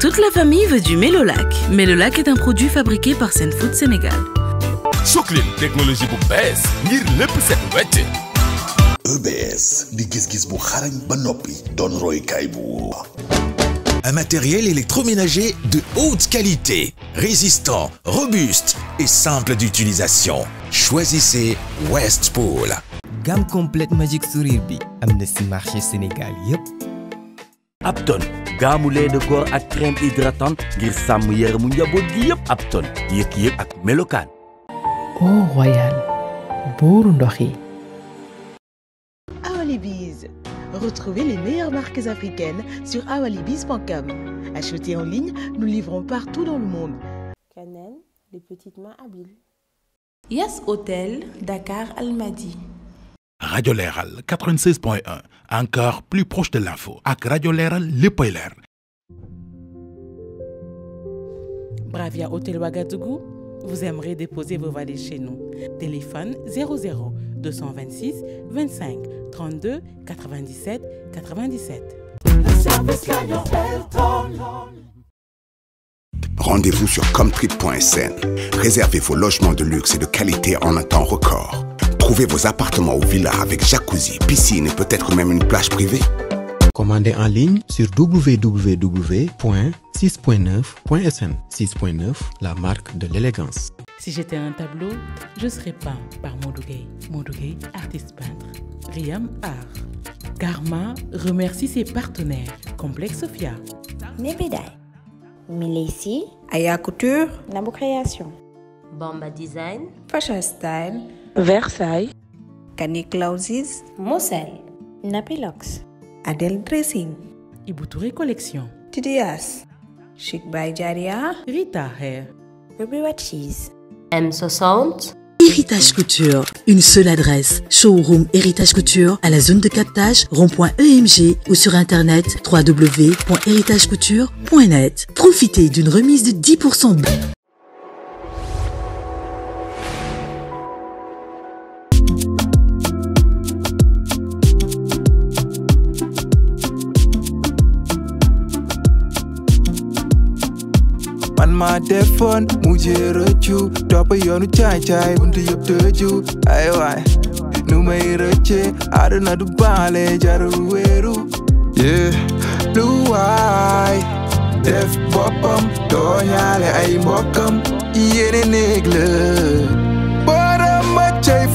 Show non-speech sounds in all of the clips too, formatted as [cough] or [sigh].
Toute la famille veut du Mélolac. Lac est un produit fabriqué par Senfood Sénégal. EBS e banopi un matériel électroménager de haute qualité, résistant, robuste et simple d'utilisation. Choisissez Westpool gamme complète Magic sourire bi amna ci marché Sénégal yépp Apton gamme lait de corps à crème hydratante ngir gi Apton yëg ak Melokan Oh Royal buuru ndox retrouvez les meilleures marques africaines sur awalibiz.com achetez en ligne nous livrons partout dans le monde Canen les petites mains habiles Yes Hotel, Dakar Almadi Radio Léral 96.1 encore plus proche de l'info Avec Radio Léral, le poiler. Bravia Hôtel Ouagadougou vous aimerez déposer vos valises chez nous téléphone 00 226 25 32 97 97. Rendez-vous sur comtrip.sn réservez vos logements de luxe et de qualité en un temps record. Trouvez vos appartements ou villas avec jacuzzi, piscine et peut-être même une plage privée. Commandez en ligne sur www.6.9.sn. 6.9, la marque de l'élégance. Si j'étais un tableau, je serais peint par Mondougay. Mondougay, artiste peintre. Riam Art. Karma remercie ses partenaires. Complexe Sofia. Nebedai. Milesi. Aya Couture. Nabo Création. Bomba Design. Fashion Style. Versailles, Canic Moselle, Napilox, Adel Dressing, Ibuturi Collection, Tidias, Chic by Jaria, Rita Hair, Ruby Watches M60, Héritage Couture, une seule adresse. Showroom Héritage Couture à la zone de captage rond.emg ou sur internet www.héritagecouture.net. Profitez d'une remise de 10%. maa defoon mujjee rëccu topp yoonu caay caay buntu yëpp tëju ay waay nu may rëcce àdduna du baale jarul wéeru yee lu waay def boppam tooñaale ay mbokkam yéene negle. la borom ma cay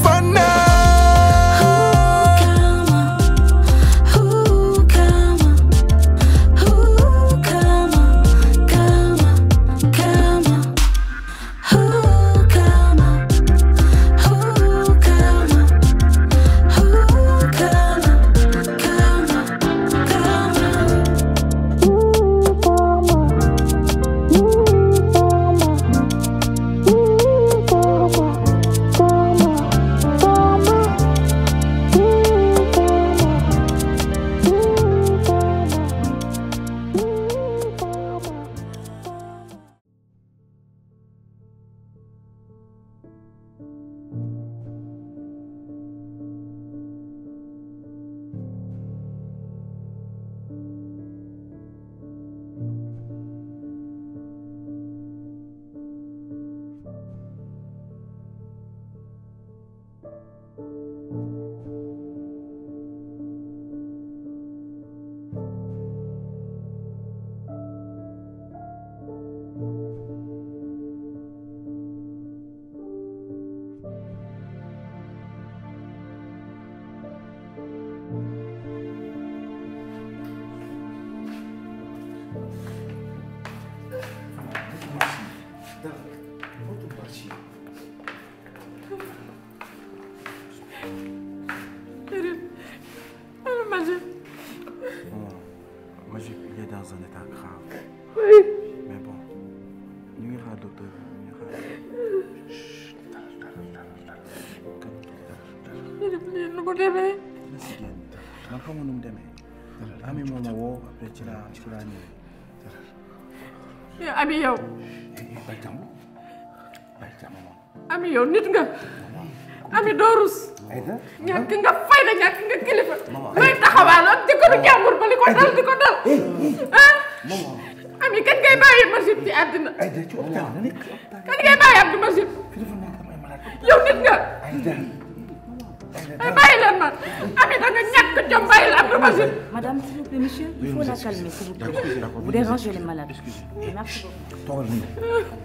Torni.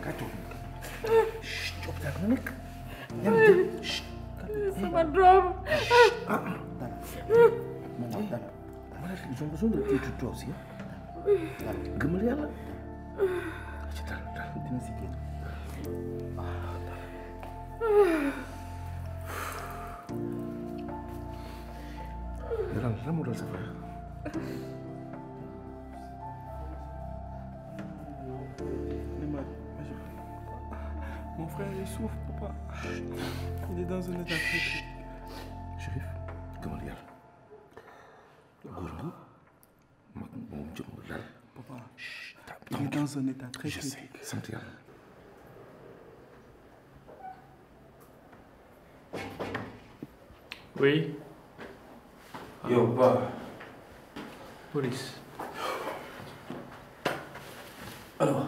Kacau. Shh, cok nih. Jangan. Shh. Sama drum. Ah, tanah. Mana tanah? Mana sih sungguh sungguh itu dos ya? Gemeliala. Cepat, cepat, ini sikit. Ah, tanah. Dalam, kamu udah Mon frère, il souffre, papa. Il est dans un état critique. Chérif, comment dire Gourou, mon Dieu, Papa, il est dans un état très critique. Je sais, Santiago. Oui. Yo, papa. Police. Alors,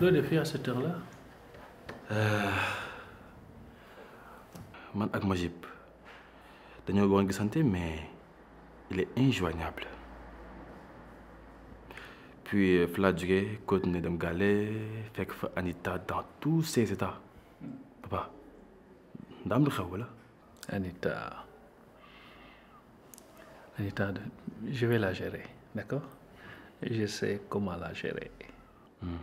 loo à cette heure-là euh, man ak Majib dañoo de santé, mais il est injoignable puis euh, fa côté de continuer fait que Anita dans tous ses états papa Dame am lu Anita Anita je vais la gérer d'accord je sais comment la gérer Hmm.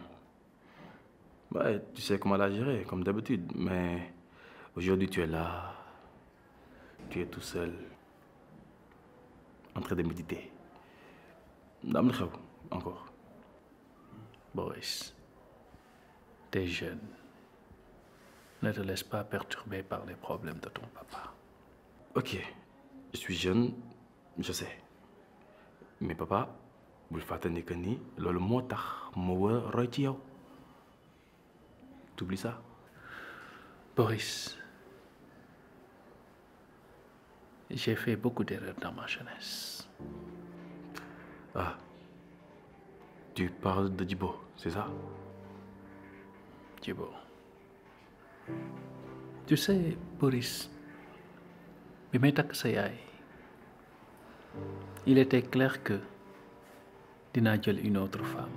tu sais comment la gérer, comme d'habitude, mais aujourd'hui tu es là, tu es tout seul, en train de méditer. Dame encore. Boris, es jeune. Ne te laisse pas perturber par les problèmes de ton papa. Ok, je suis jeune, je sais. Mais papa, vous fàtte ni que nii loolu moo tax Tu suis a ça Boris j'ai fait beaucoup d'erreurs dans ma jeunesse ah tu parles de Djibo c'est ça Djibo tu sais Boris bi que takk sa il était clair que dina jël une autre femme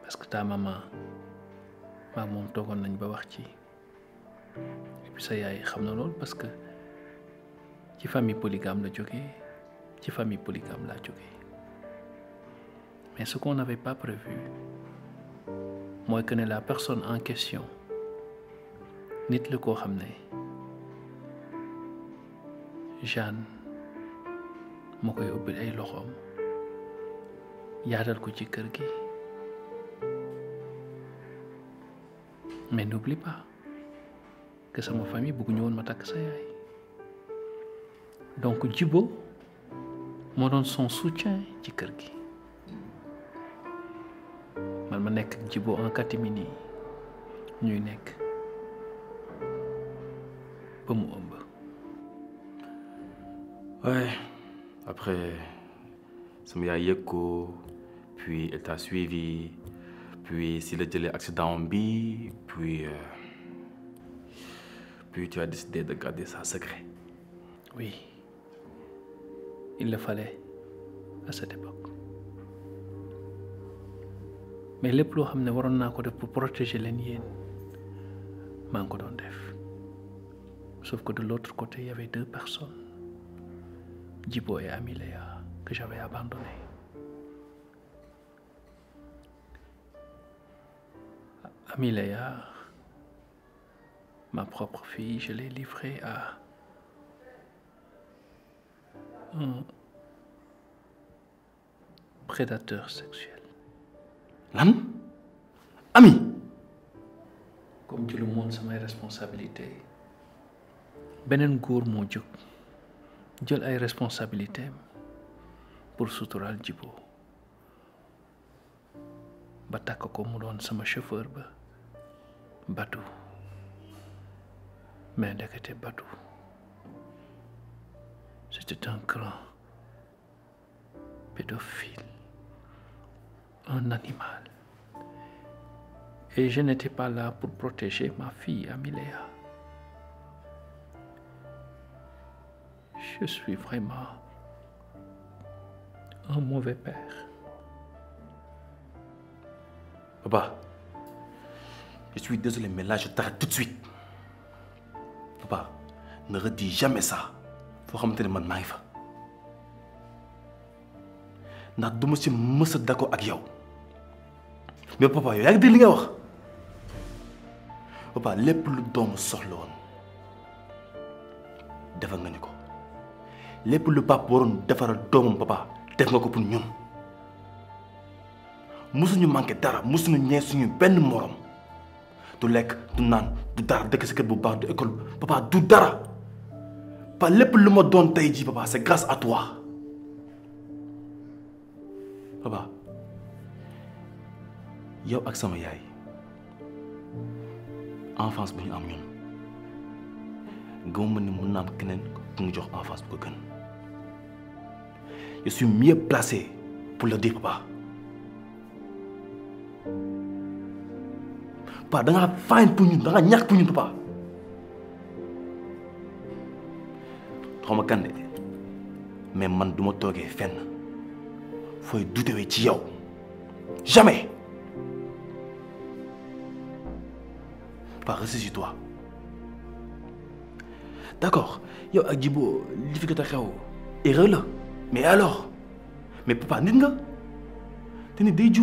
parce que ta maman ma moom toogoon nañ ba wax ci et puis sa yaay xam na loolu parce que ci famille polygame la jógee ci famille polygame mais ce qu'on n'avait pas prévu mooy que la personne en question nit la koo xam ne Jeanne mo koy ubbil ay loxom yaatal ko ci kër gi mais n'oublie pas que sama famille ñu woon ma takk sa yaay donc jibo mo doon son soutien ci kër gi man ma nekk jibo en catimini ñuy nekk ba mu ëmb waaye Après, sama yaay puis elle t'a suivi puis s'il eu l'accident accident bi puis euh, puis tu as décidé de garder ça secret. Oui, il le fallait à cette époque mais les loo ne pour protéger les niens. sauf que de l'autre côté il y avait deux personnes. Jibo et Amilea que j'avais abandonné. Amilea, ma propre fille, je l'ai livrée à un prédateur sexuel. L'âme Ami Comme tout le monde, c'est mes responsabilités... Benen mon mon j'ai une responsabilité pour suturaal Djibo ba takk ko mu sama chauffeur ba Badou mais ndekete Badou c'était un grand pédophile un animal et je n'étais pas là pour protéger ma fille Amilea. je suis vraiment un mauvais père. Papa, je suis désolé, mais là, je t'arrête tout de suite. Papa, ne redis jamais ça. Faut remonter les mains Je ne suis d'accord avec toi. mais papa il y a que li papa les lu doomu soxla woon lépp lu pap waroon defaral doomam papa def nga ko pour ñun musuñu manqué dara musuñu ñee suñu benn morom du lekk du naan du dara dëkk si kër bu baax du école papa du dara pa lépp lu ma doon tey ji papa c'est grâce à toi papa yow ak sama yaay enfance bu ñu am ñun gëmuma ni mun na am keneen ku mu jox enfance bu ko gën je suis mieux placé pour le dire, papa. Papa, tu la faim pour nous, tu la niaque pour nous, papa. Je ne sais pas mais je ne suis pas fenn. Il faut douter de toi. Jamais. Papa, reste sur toi. D'accord, Il y a li fi ko ta xew erreur mais alors mais papa tu es. te pas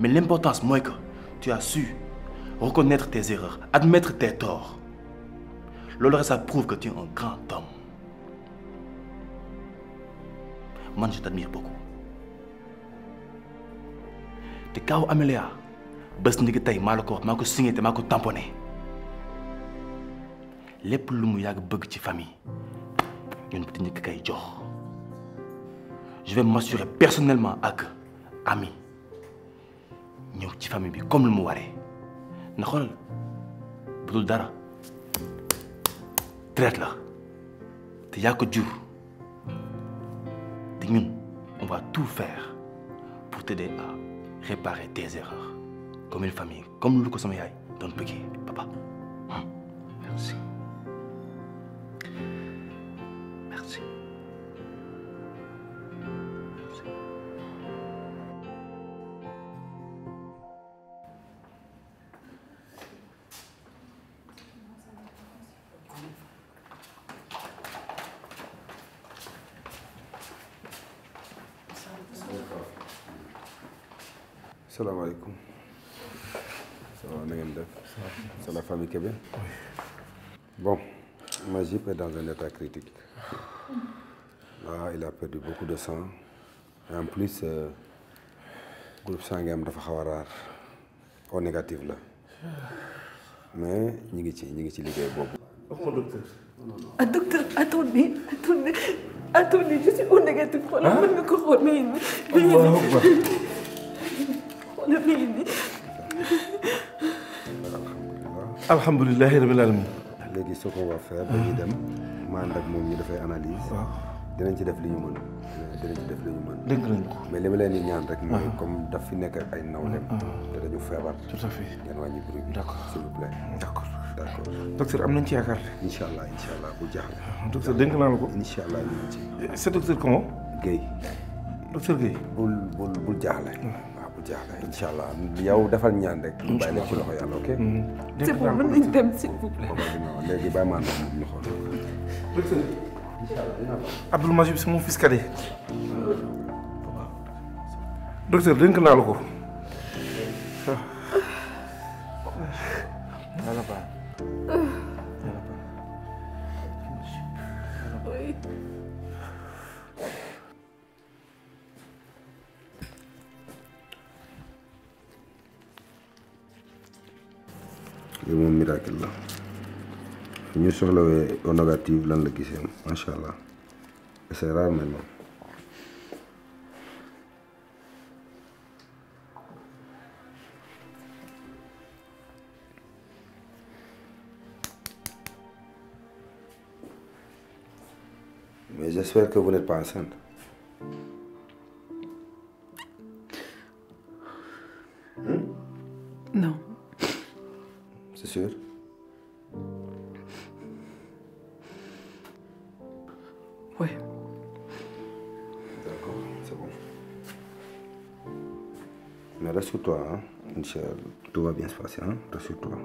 mais l'importance c'est que tu as su reconnaître tes erreurs admettre tes torts loolu ça prouve que tu es un grand homme Moi, je t'admire beaucoup te es Amélia je ni mal signé te maa tamponner. tamponné ce lu mu dans la famille je vais m'assurer personnellement que ami ñëw ci famille bi comme lu mu waree na xoolal bu dul dara traite la te yaa ko jur ñun on va tout faire pour t'aider à réparer tes erreurs comme une famille comme lu ko sama yaay doon bëggee papa hein? merci est dans un état critique. Là, il a perdu beaucoup de sang. Et en plus, euh, groupe sanguin dafa xaw rare. raar au négatif Là. mais ñu ngi ci ñu ngi ci liggéey boobu. wax ma docteur. ah docteur attendez attendez attendez je suis au négatif. xoolal hein? mën nga ko xool mais. waaw xoolal mais. Alhamdulillah. rabbil alamin léegi ce qu'on va faire dañuy ah. dem ma ànd ak moom ñu dafay analyse ah. dinañ ci def li ñu mën dinañ ci def li ñu mën dëgg nañ ko mais li ma leen di ñaan rek mooy ah. comme daf fi nekk ay nawleem te dañu feebar tout à fait ngeen wàññi bruit bi d'accord s'il vous plaît d'accord d'accord docteur am nañ ci yaakaar incha allah incha allah bu jaaxle docteur dénk naa la ko incha allah ñu ngi ci eh, c'est docteur comment Guèye docteur Guèye bul bul bul jaaxle jaaxle incha allah yow defal ñaan rek. incha allah bàyyi ci loxo yàlla ok. Mm-hmm. c'est bon mën nañu dem s'il vous plaît. léegi bàyyi maa allah Abdoul Majib sama fils cadet. docteur dénk naa la ko. mon un miracle Nous sommes là au négatif lan la gisee macha c'est rare maintenant mais j'espère que vous n'êtes pas enceinte. Hein? Non c'est sûr. Ouais. D'accord, c'est bon. Mais rassure-toi, hein, Michel, tout va bien se passer, hein, rassure-toi.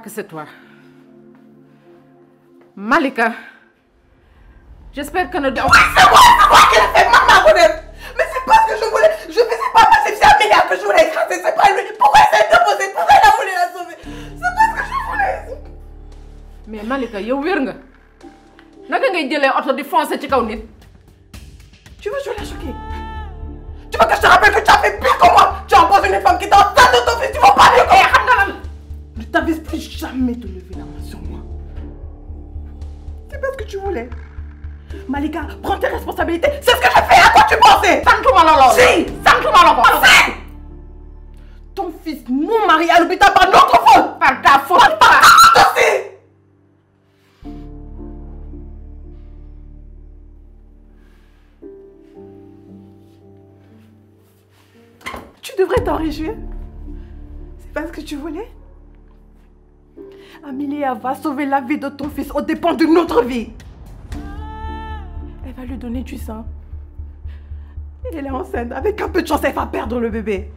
que c'est toi. Malika, j'espère que ne... Oui, c'est moi, c'est moi qui l'ai fait, maman Mais c'est ce que je voulais... Je faisais pas parce que c'est Amélia que je voulais écraser, c'est pas lui. Pourquoi elle s'est déposée Pourquoi elle a voulu la sauver C'est pas ce que je voulais... Mais Malika, yow wér nga. Naka ngay jëlee oto de foncer ci kaw nit. Tu veux jouer la choquer? Tu veux que je te rappelle que tu as fait pire que moi Tu as une femme qui t'a en train de ton fils, tu vas pas lui jamais te lever la main sur moi. C'est pas ce que tu voulais. Malika, prends tes responsabilités. C'est ce que je fais, À quoi tu pensais Si Si Ton fils, mon mari, à l'hôpital par notre faute. Par ta faute. Tu devrais t'en réjouir. C'est pas ce que tu voulais Amelia va sauver la vie de ton fils au dépens de notre vie. Elle va lui donner du sang. Elle est enceinte. Avec un peu de chance, elle va perdre le bébé.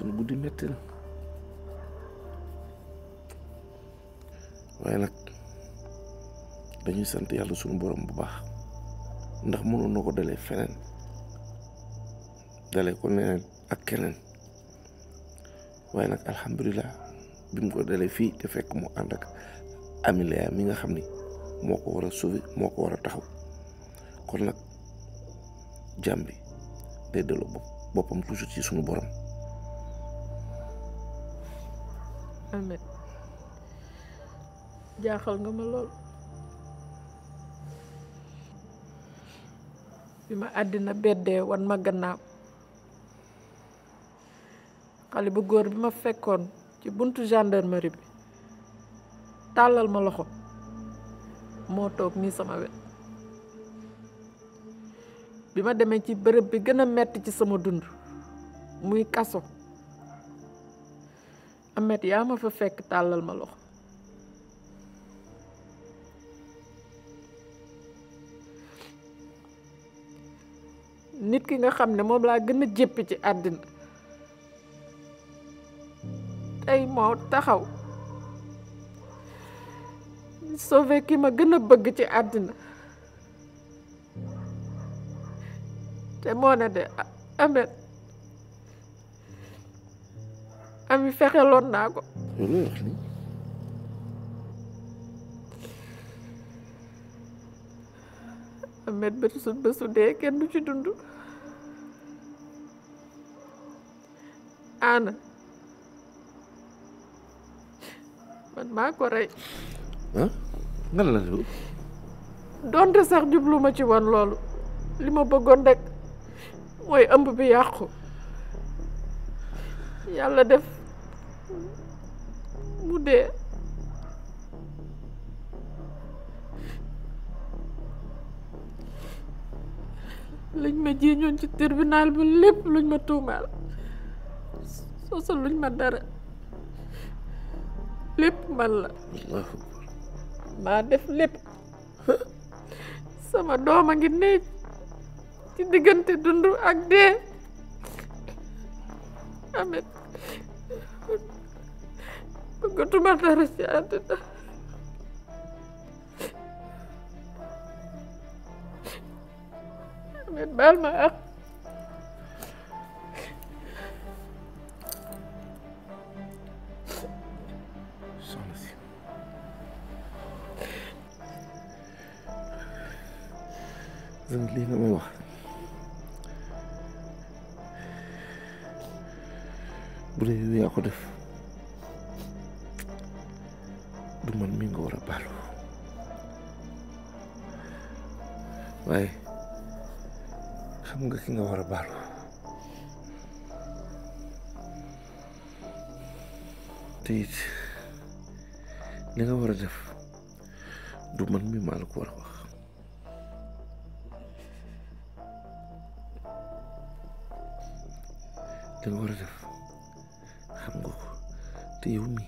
sul guddi metti la waaye nak dañuy sante yalla sunu borom bu baax ndax mënu nako dalé fenen dalé ko né ak kenen waaye nak alhamdullilah bim ko dalé fi te fekk mu ànd ak amilia mi nga xamni moko wara ko moko wara taxaw kon nak jambi day toujours ci sunu borom amit jaxal nga ma lol bima adina bedde wan ma gannaaw xali bu góor bima fekkon ci buntu gendarmerie bi talal ma loxo mo tok ni sama wet bima ma ci bërëb bi gëna metti ci sama dund muy kaso amet yaa ma fa fekk tàllal ma loxo nit ki nga xam ne moom laa gën a jépp ci àddina tey moo taxaw sauvé ki ma gën a bëgg ci àddina te moo ne de amet am fexe loon naa ko. loolu wax ni Ahmed bésu dee kenn du ci dund. Ana man maa ko rey. Ah? donte sax jubluma ci woon loolu li ma bëggoon rek mooy ëmb bi yàqu yàlla def. mu dee luñ ma jiiñoon ci tribunal bi lépp luñ ma tuumaal sosal luñ ma dara lépp man la maa def lépp sama doom a ngi ne ci diggante dund ak dee amet bëggatuma dara ci àddina amit baal ma ak soxna si lii nga may wax bu dee yaa ko def du man mi nga war a baalu waaye xam nga ki nga war a baalu te nga war a def du man mi maa la ko war nga war def xam nga ko te yow mi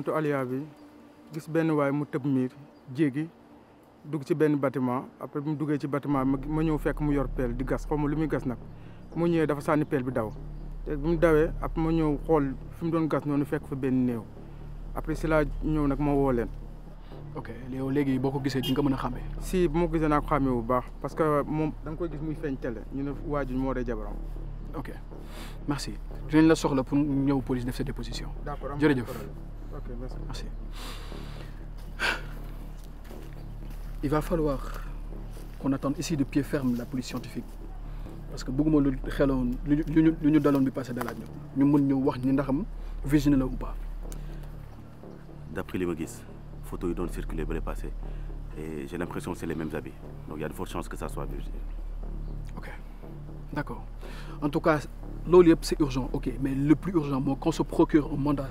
monte alia bi gis ben way mu teub mir djegi dug ci ben bâtiment après bimu duggee ci bâtiment ma ñew fekk mu yor pel di gas xaw ma lu muy gas nak mu ñewé dafa sànni pel bi daw té bimu mu après ma ñew xol fimu don gas nonu fekk fa ben néew après cela ñew nak ma woo leen. ok léw légui boko ko gisee di nga mëna xamé si bimu ma nak xamé naa bu baax parce que mom dang koy gis muy feeñ télé ñu ne waajur moo dee jabaram. ok merci dinañ la soxla pour ñew police def sa déposition. d'accord jërëjëf. Ok, merci. Il va falloir qu'on attende ici de pied ferme la police scientifique. parce que si de gens lu ñu l'agneau, bi passé dalaat ñu ñu Nous wax ou pas. d'après les ma les photos donnent circuler pour passé et j'ai l'impression que c'est les mêmes habits donc il y a de fortes chances que ça soit virginie. ok d'accord en tout cas loolu c'est urgent ok mais le plus urgent moi, qu'on se procure un mandat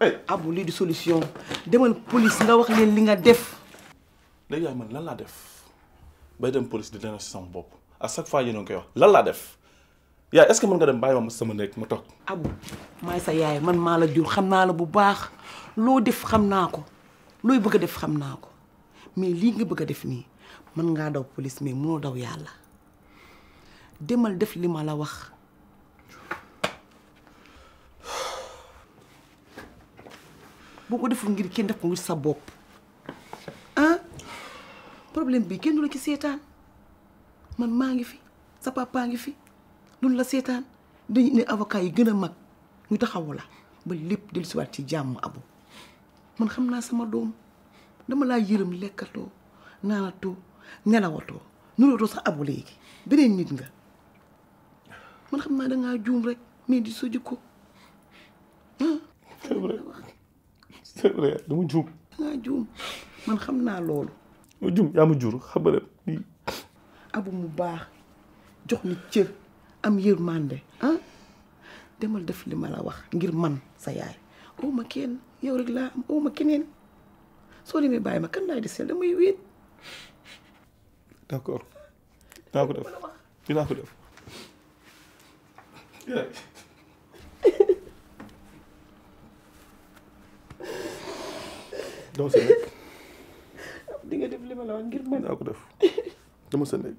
abu ah, lii di solution demal police nga wax leen li nga def. léegi yaay man lan laa def bay dem police di dénoncer sama bopp a chaque fois yéen a ngi koy wax lan laa def yaay est-ce que mën nga dem bàyyi ma sama nekk ma toog. abu ah maay sa yaay man maa la jur xam naa la bu baax loo def xam naa ko looy bëgg a def xam naa ko mais lii nga bëgg a def nii mën ngaa daw police mais mënoo daw yàlla demal def li ma la wax. boo ko deful ngir kenn def ko ngir sa bopp ah problème bi kenn du la ci seetaan man maa ngi fi sa papa ngi fi duñ la seetaan dañu ne avocat yi gën a mag ñu taxawu la ba lépp dellusiwaat ci jàmm abu ma xam naa sama doom dama laa yërëm lekkatoo naanatoo nelawatoo nurootoo sa abu léegi beneen nit nga man xam naa dangaa juum rek mais di sojiko ah c'est vrai naa loolu. ma jur xam mu baax jox am yërmande ah demal def li ma la wax ngir man sa yaay oo ma kenn yow rek ma keneen soo demee bàyyi ma kan laay deseel damay wéet. d'accord dinaa ko def. dama sa nekk. [laughs] di nga def li ma la wax ngir mën. naa ko def dama sa nekk.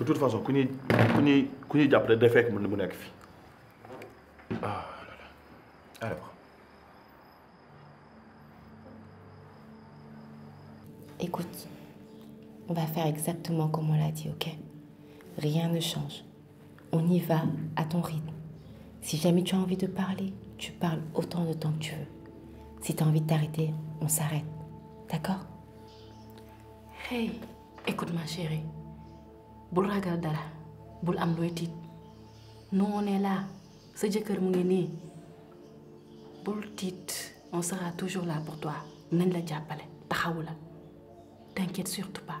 de toute façon ku ne ku pas ku ñuy jàppale fait ah là là alors. Écoute, on va faire exactement comme on l'a dit, ok Rien ne change. On y va à ton rythme. Si jamais tu as envie de parler, tu parles autant de temps que tu veux. Si tu as envie de t'arrêter, on s'arrête. D'accord Hey, écoute ma chérie bul ragal dara bul am looy tiit noonee sa jëkkër mu ngi bul tit, on sera toujours là pour toi nañ la jàppale taxawu la t'inquiète surtout pas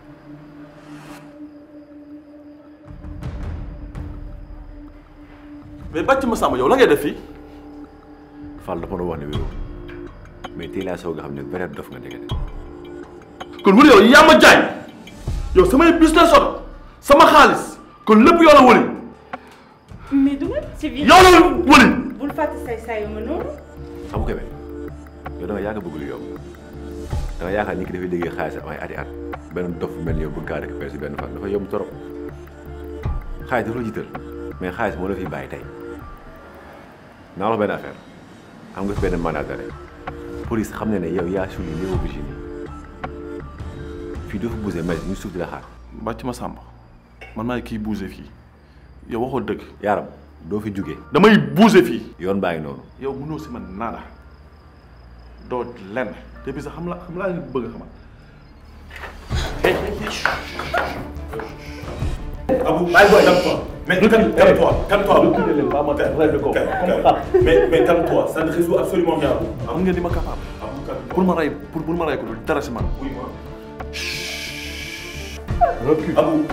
mais bàcc ma sàmm yow la ngay def fii. Fall dafa doon wax ne mais tey laa soog a xam ne nga dégg de. kon wuli yow yaa ma jaay yow samay business sot sama xaalis kon lépp yow la wuli. mais du ma ci biir. yow la wuli. bul fàtte say say ma noonu. xam nga yow da nga yaakaar bëgg lu da nga yaakaar ni ki dafay liggéey xaalis ay ati at benn dof mel yow bëgg kaa rek fay si benn dafa yomb torop xaalis dafa la mais xaalis moo la fi bàyyi tey. نعرف بان افير هم قلت بان ما نعدى بوليس خمنا انا وياه شو اللي ليه بجيني في دوف بوزي ماج يوسف دلاخار باتي ما سامبا man maay kii bougé fii yow waxoo dëgg yaram doo fi jugee damay bougé fii yoon baa ngi noonu yow mënoo si man naada doo lenn te bi sax xam la xam laa leen bëgg xamal abu bàyyi booy dem toog Mais calme-toi, calme-toi. Mais, mais calme-toi, ça ne résout absolument rien. capable. Pour pour pour me ko du dara ci man. Oui, moi. Recule. moi,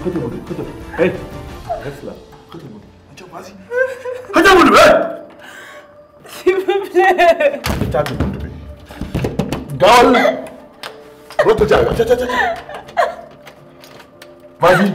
côté. Hé. reste là. moi. vas-y. Hadi eh. S'il vous plaît. toi calme-toi. Vas-y.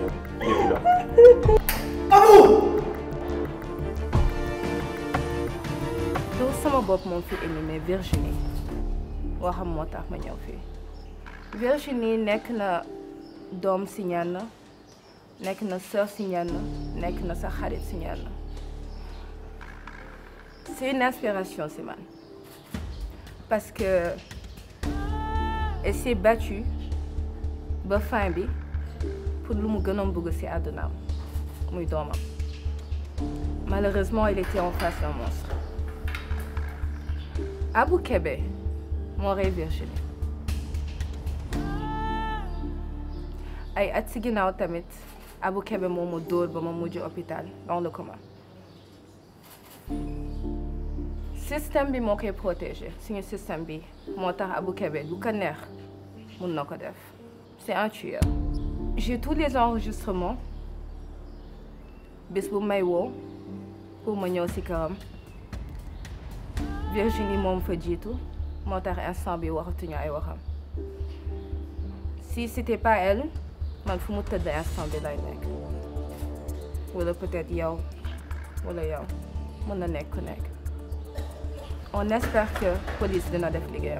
Il est plus là. Ah Bravo Yow sama bopp moom fi indi mais Virginie waxam moo tax ma ñëw fii Virginie nekk na doom si ñenn nekk na sœur nest ñenn nekk na sa xarit si c'est une inspiration si man parce que elle s'est battue ba fin bi pour lu mu gënoon bëgg ci àddunaam muy doomam malheureusement il était en face d'un monstre Abou mon rêve Virginie ay at ci ginnaaw tamit Abou Kébé moo ma dóor ba ma mujj hôpital dans le coma système bi moo koy protégé suñu système bi mon tax Abou Kebbe, du ko neex mun na def c'est un tueur j'ai tous les enregistrements bés Maywo, Sikaram, pour ma ñëw ci Virginie moom fa jiitu moo tax instant bi waxam si c'était pas elle je fu mu tëdd instant bi Ou peut-être yow wala yo mon na nekk ku on espère que police de def Ligue.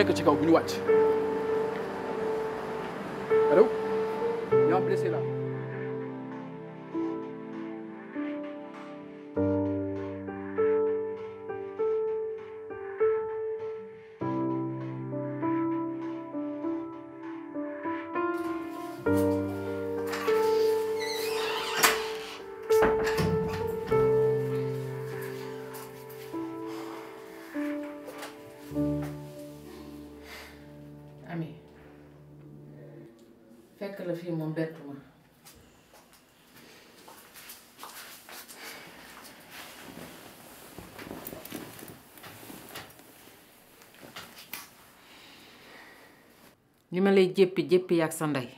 innaka takaw bil wa'd li lay jéppi jéppi yak sa nday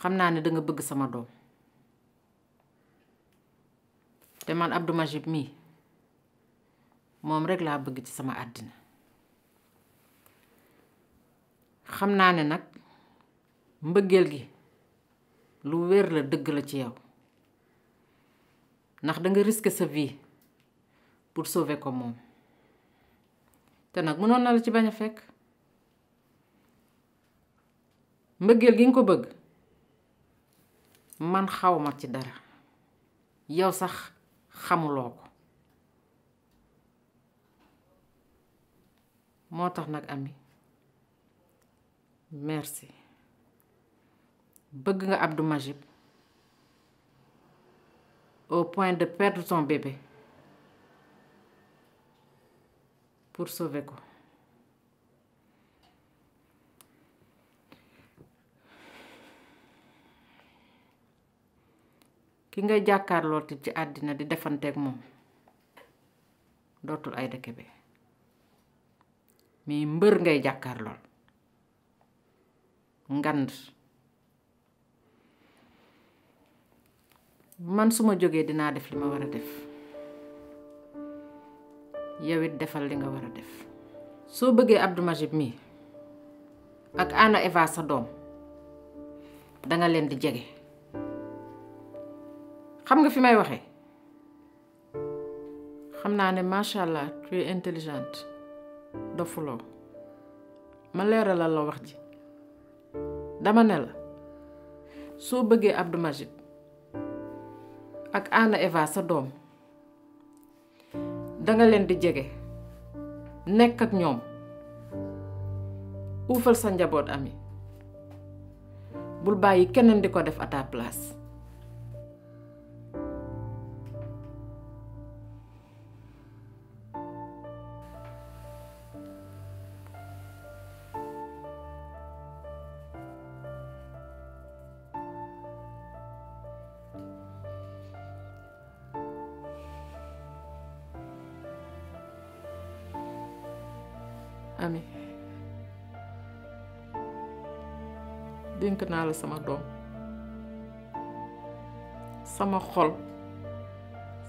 xam ne da danga bëgg sama doom te man Abdou Majib mii moom rek laa bëgg ci sama àddina xam naa ne nag mbëggeel gi lu wér la dëgg la ci yow ndax danga risquer sa vie pour sauver ko moom te nag mënoon na la ci bañ fekk mbëggeel gi nga ko bëgg man xawma ci dara yow sax merci bëgg nga Abdou Majib au point de perdre son bébé pour sauver ko ki nga jàkkaarloo tit ci adina di ak mom dotul ay dëkk bi mais mbër ngay jàkkaarlool ngand man suma joge dina def lima wara def yawit defal li nga wara def so beugé Abdou majid mi ak ana Eva sa da nga len di jégué xam nga fi may waxe xam naa ne macha allah tu es intelligente dofuloo ma leeralal la wax ji dama ne la soo bëggee Abdou ak Anna Eva sa doom danga leen di jege nekk ak ñoom uufal sa njaboot ami bul bàyyi keneen di ko def à ta naa la sama doom sama xol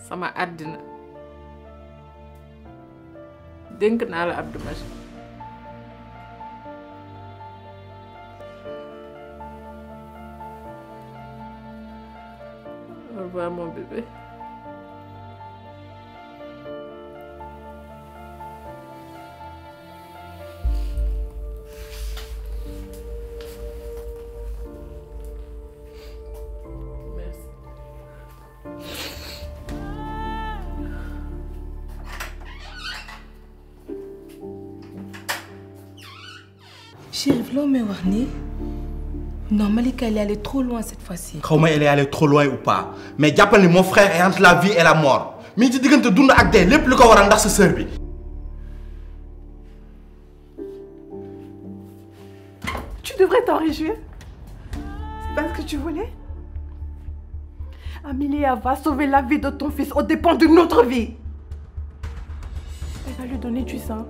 sama àddina dénk naa la Abdou Majid au revoir mon bébé non mais non Malika elle est allée trop loin cette fois-ci. Comment elle est allée trop loin ou pas mais j'appelle mon frère est entre la vie et la mort Mais tu dund ak tu devrais t'en réjouir c'est pas ce que tu voulais. Amilia va sauver la vie de ton fils au dépens d'une autre vie. Elle va lui donner du sang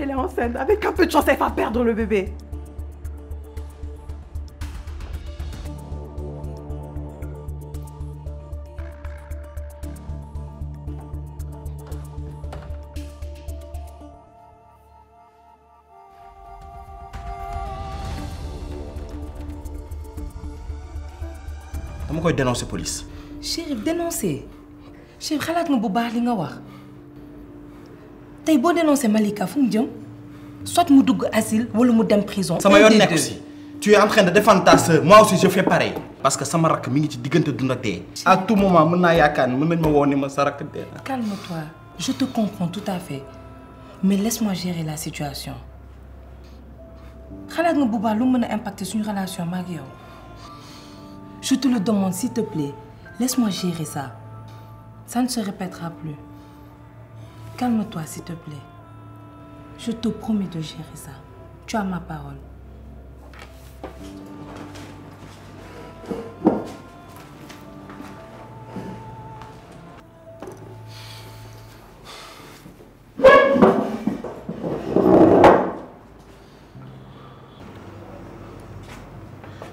elle est enceinte. Avec un peu de chance, elle va perdre le bébé. Comment quoi dénoncer police. Chérif dénoncer Chérif xalaat pas bu li nga wax tey boo dénoncer Malika fu mu soit mu dugg asile wala mu dem prison. sama yone nek aussi. tu es en train de défendre ta sœur moi aussi je fais pareil. parce que sama rak mi ngi ci diggante dund ak dee. à tout moment mën naa yaakaar ni mën nañ ma woo ma sa calme-toi je te comprends tout à fait mais laisse-moi gérer la situation xalaat nga bu baax lu mën a impacter suñu relation ma ak yow je te le demande s'il te plaît laisse-moi gérer ça ça ne se répétera plus. Calme-toi, s'il te plaît. Je te promets de gérer ça. Tu as ma parole. La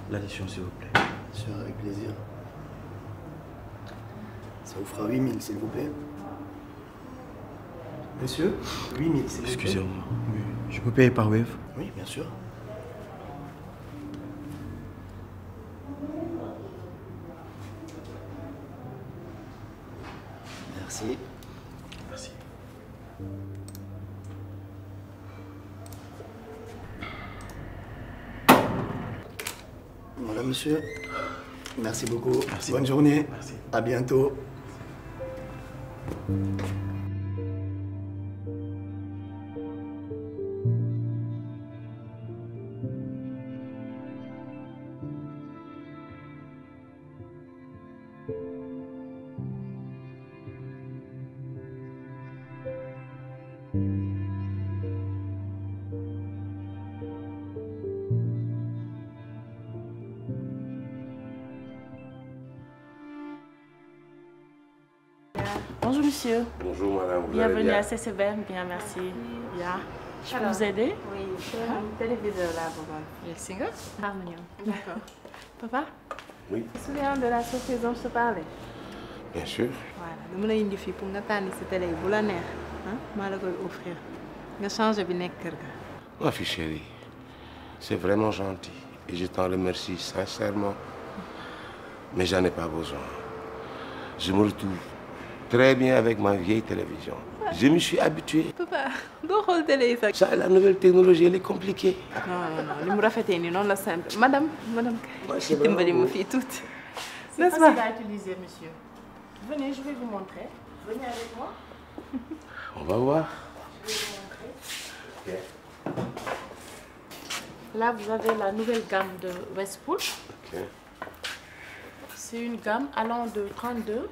L'addition, s'il vous plaît. Avec plaisir. Ça vous fera 8000, s'il vous plaît. Monsieur mais c'est Excusez-moi, je peux payer par Wave Oui, bien sûr. Merci. Merci. Voilà, monsieur. Merci beaucoup. Merci. Bonne journée. Merci. À bientôt. Bonjour, madame. Bienvenue bien. à CCBM. E bien, merci. Bien. Je peux vous aider Oui, je un téléviseur là pour moi. Euh, le single Harmonium. Ah, D'accord. [laughs] Papa Oui. Tu te souviens de la société dont je te parlais Bien sûr. Voilà, Nous la une fille pour nga tànn si télé yi bu la vous Hein? maa koy offrir nga changé bi nekk kër ga. Ma oh, chérie, c'est vraiment gentil et je t'en remercie sincèrement, mais j'en ai pas besoin. Je me retrouve très bien avec ma vieille télévision. Je me suis habitué. Papa, [laughs] Donc télé ça la nouvelle technologie elle est compliquée. non non non non. la simple madame madame. je suis suis mu fii toute c'est utiliser monsieur. venez je vais vous montrer. venez avec moi. on va voir. là vous avez la nouvelle gamme de Westpool. c'est une gamme allant de 32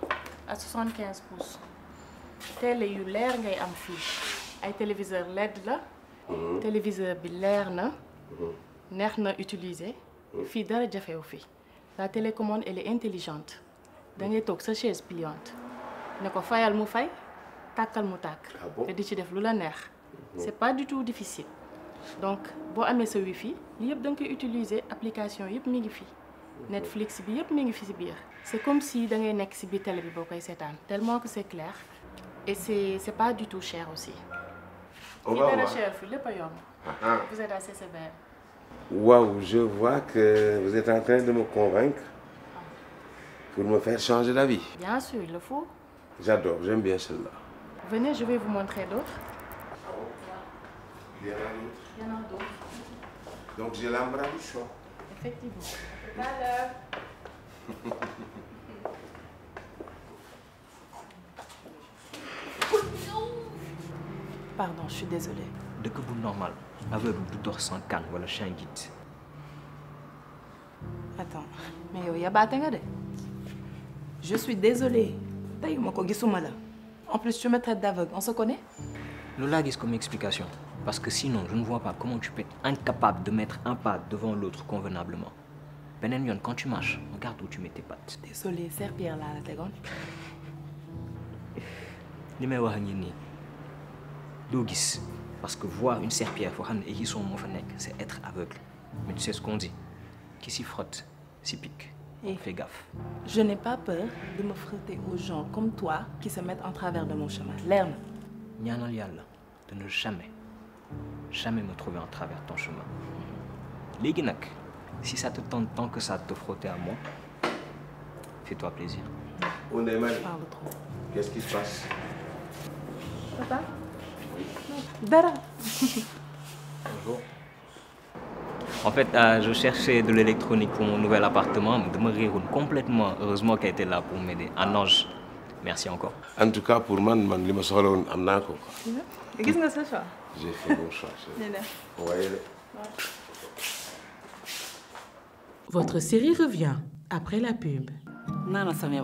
à 75 pouces télé yu leer ngay am fii ay téléviseur LED la mhm. téléviseur bi leer na utilisé. Mhm. na utiliser mhm. fii dara jafewu fi la télécommande elle est intelligente da ngay toques sa chaise pliante ne ko fayal mu fay tàkkal mu tàkk ah te di ci def c'est pas du tout difficile donc boo amee ce wifi li yëpp koy utiliser application yëpp mi ngi fi Netflix bi yëpp mi ngi fi si biir c'est comme si vous avez une exhibit, tellement que c'est clair et c'est n'est pas du tout cher aussi. Oh, ah, ah. vous êtes assez sévère. Waouh, je vois que vous êtes en train de me convaincre pour me faire changer d'avis. bien sûr il le faut. j'adore j'aime bien celle-là. venez je vais vous montrer d'autres. il y en a d'autres. donc j'ai l'embrasure. effectivement. [laughs] Pardon, je suis désolée. que vous normal aveugle bout d'or sans canne voilà chien guide. attends mais y a pas de je suis désolée je ma ko en plus tu me traites d'aveugle on se connaît. Nous dis comme explication parce que sinon je ne vois pas comment tu peux être incapable de mettre un pas devant l'autre convenablement beneen quand tu marches regarde où tu mets tes pattes. désolée Pierre là, la ne parce que voir une serpillère, et c'est être aveugle mais tu sais ce qu'on dit qui s'y frotte s'y pique. Et fais gaffe. Je n'ai pas peur de me frotter aux gens comme toi qui se mettent en travers de mon chemin. lerne na. de ne jamais jamais me trouver en travers de ton chemin léegi si ça te tente tant que ça te frotter à moi fais-toi plaisir. On est trop Qu'est-ce qui se passe? Papa Dara..! Bonjour. En fait, euh, je cherchais de l'électronique pour mon nouvel appartement, mais de me complètement. Heureusement qu'elle était là pour m'aider. Un ah ange. Merci encore. En tout cas, pour moi, je suis là pour amna Et Qu'est-ce que c'est ça J'ai fait mon choix. Votre série revient après la pub. Non, non, ça m'est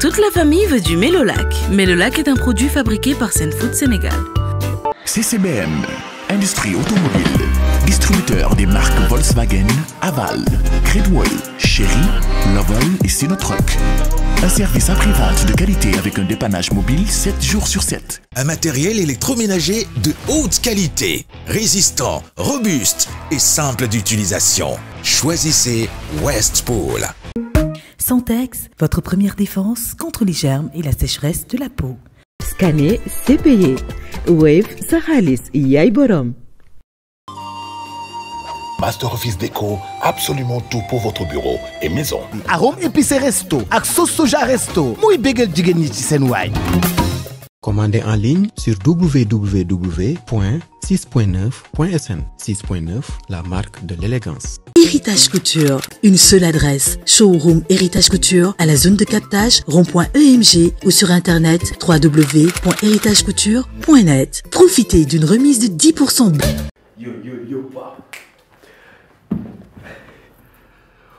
Toute la famille veut du Mélolac. Mélolac est un produit fabriqué par Food Sénégal. CCBM, industrie automobile, distributeur des marques Volkswagen, Aval, Credwell, Chery, Laval et Sinotruck. Un service après-vente de qualité avec un dépannage mobile 7 jours sur 7. Un matériel électroménager de haute qualité, résistant, robuste et simple d'utilisation. Choisissez Westpool. Santex, votre première défense contre les germes et la sécheresse de la peau. Scanner, c'est payé. Wave Saralis Yaiborom. Master Office Déco, absolument tout pour votre bureau et maison. arôme épicé resto sauce soja resto Moui bégé du Commandez en ligne sur www.6.9.sn. 6.9, la marque de l'élégance. Héritage Couture, une seule adresse. Showroom Héritage Couture à la zone de captage rond.emg ou sur internet www.héritagecouture.net. Profitez d'une remise de 10%. Yo, yo, yo,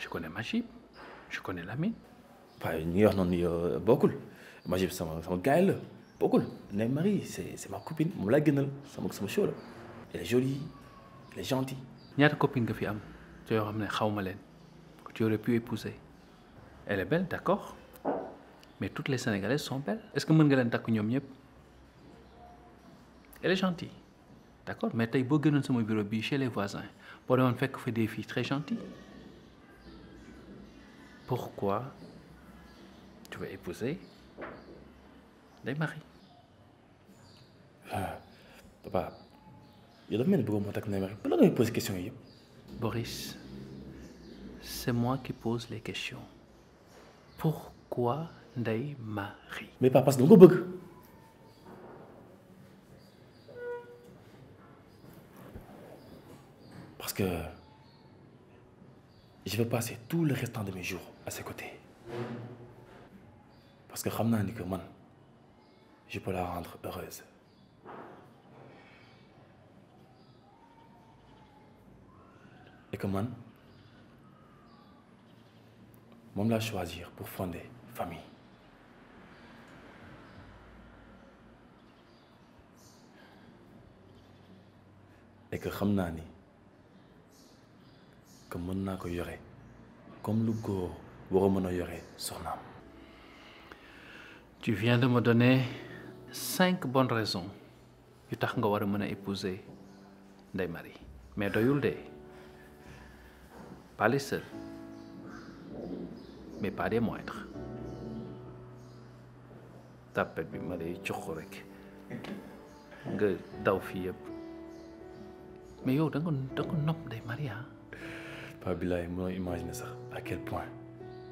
Je connais Majib, je connais Lamine. Pas New York, non, euh, beaucoup. Majib, c'est mon gars, là. Beaucoup. Marie, c'est ma copine. Je la gagne, c'est mon chaud. Elle est jolie, elle est gentille. Il copine nga fi am te yoo xam ne xaw que tu aurais pu épouser elle est belle d'accord. mais toutes les sénégalaises sont belles est ce que mën nga leen mieux? elle est gentille Mais tu mais beau boo gënoon sama bureau chez les voisins boo demoon fekk fa des filles très gentilles pourquoi tu veux épouser des maris. Ah, papa, il y a même beaucoup de maris. Pourquoi tu poses des questions Boris, c'est moi qui pose les questions. Pourquoi des maris Mais papa, c'est donc bug. Parce que je veux passer tout le restant de mes jours à ses côtés. Parce que Ramna ni que je peux la rendre heureuse. Et que moi, je la choisir pour fonder famille. et que je ni que je comme lu vous a mën a tu viens de me donner cinq bonnes raisons pour que tu aies a mën a épouser Ndeye Marie mais pas les seules mais pas les moindres Tu as ma lay tu rek nga daw fii yëpp mais yow da nga da nga nopp Ndeye Marie je ah? Pape Bilaye mënoo imaginer sax à quel point.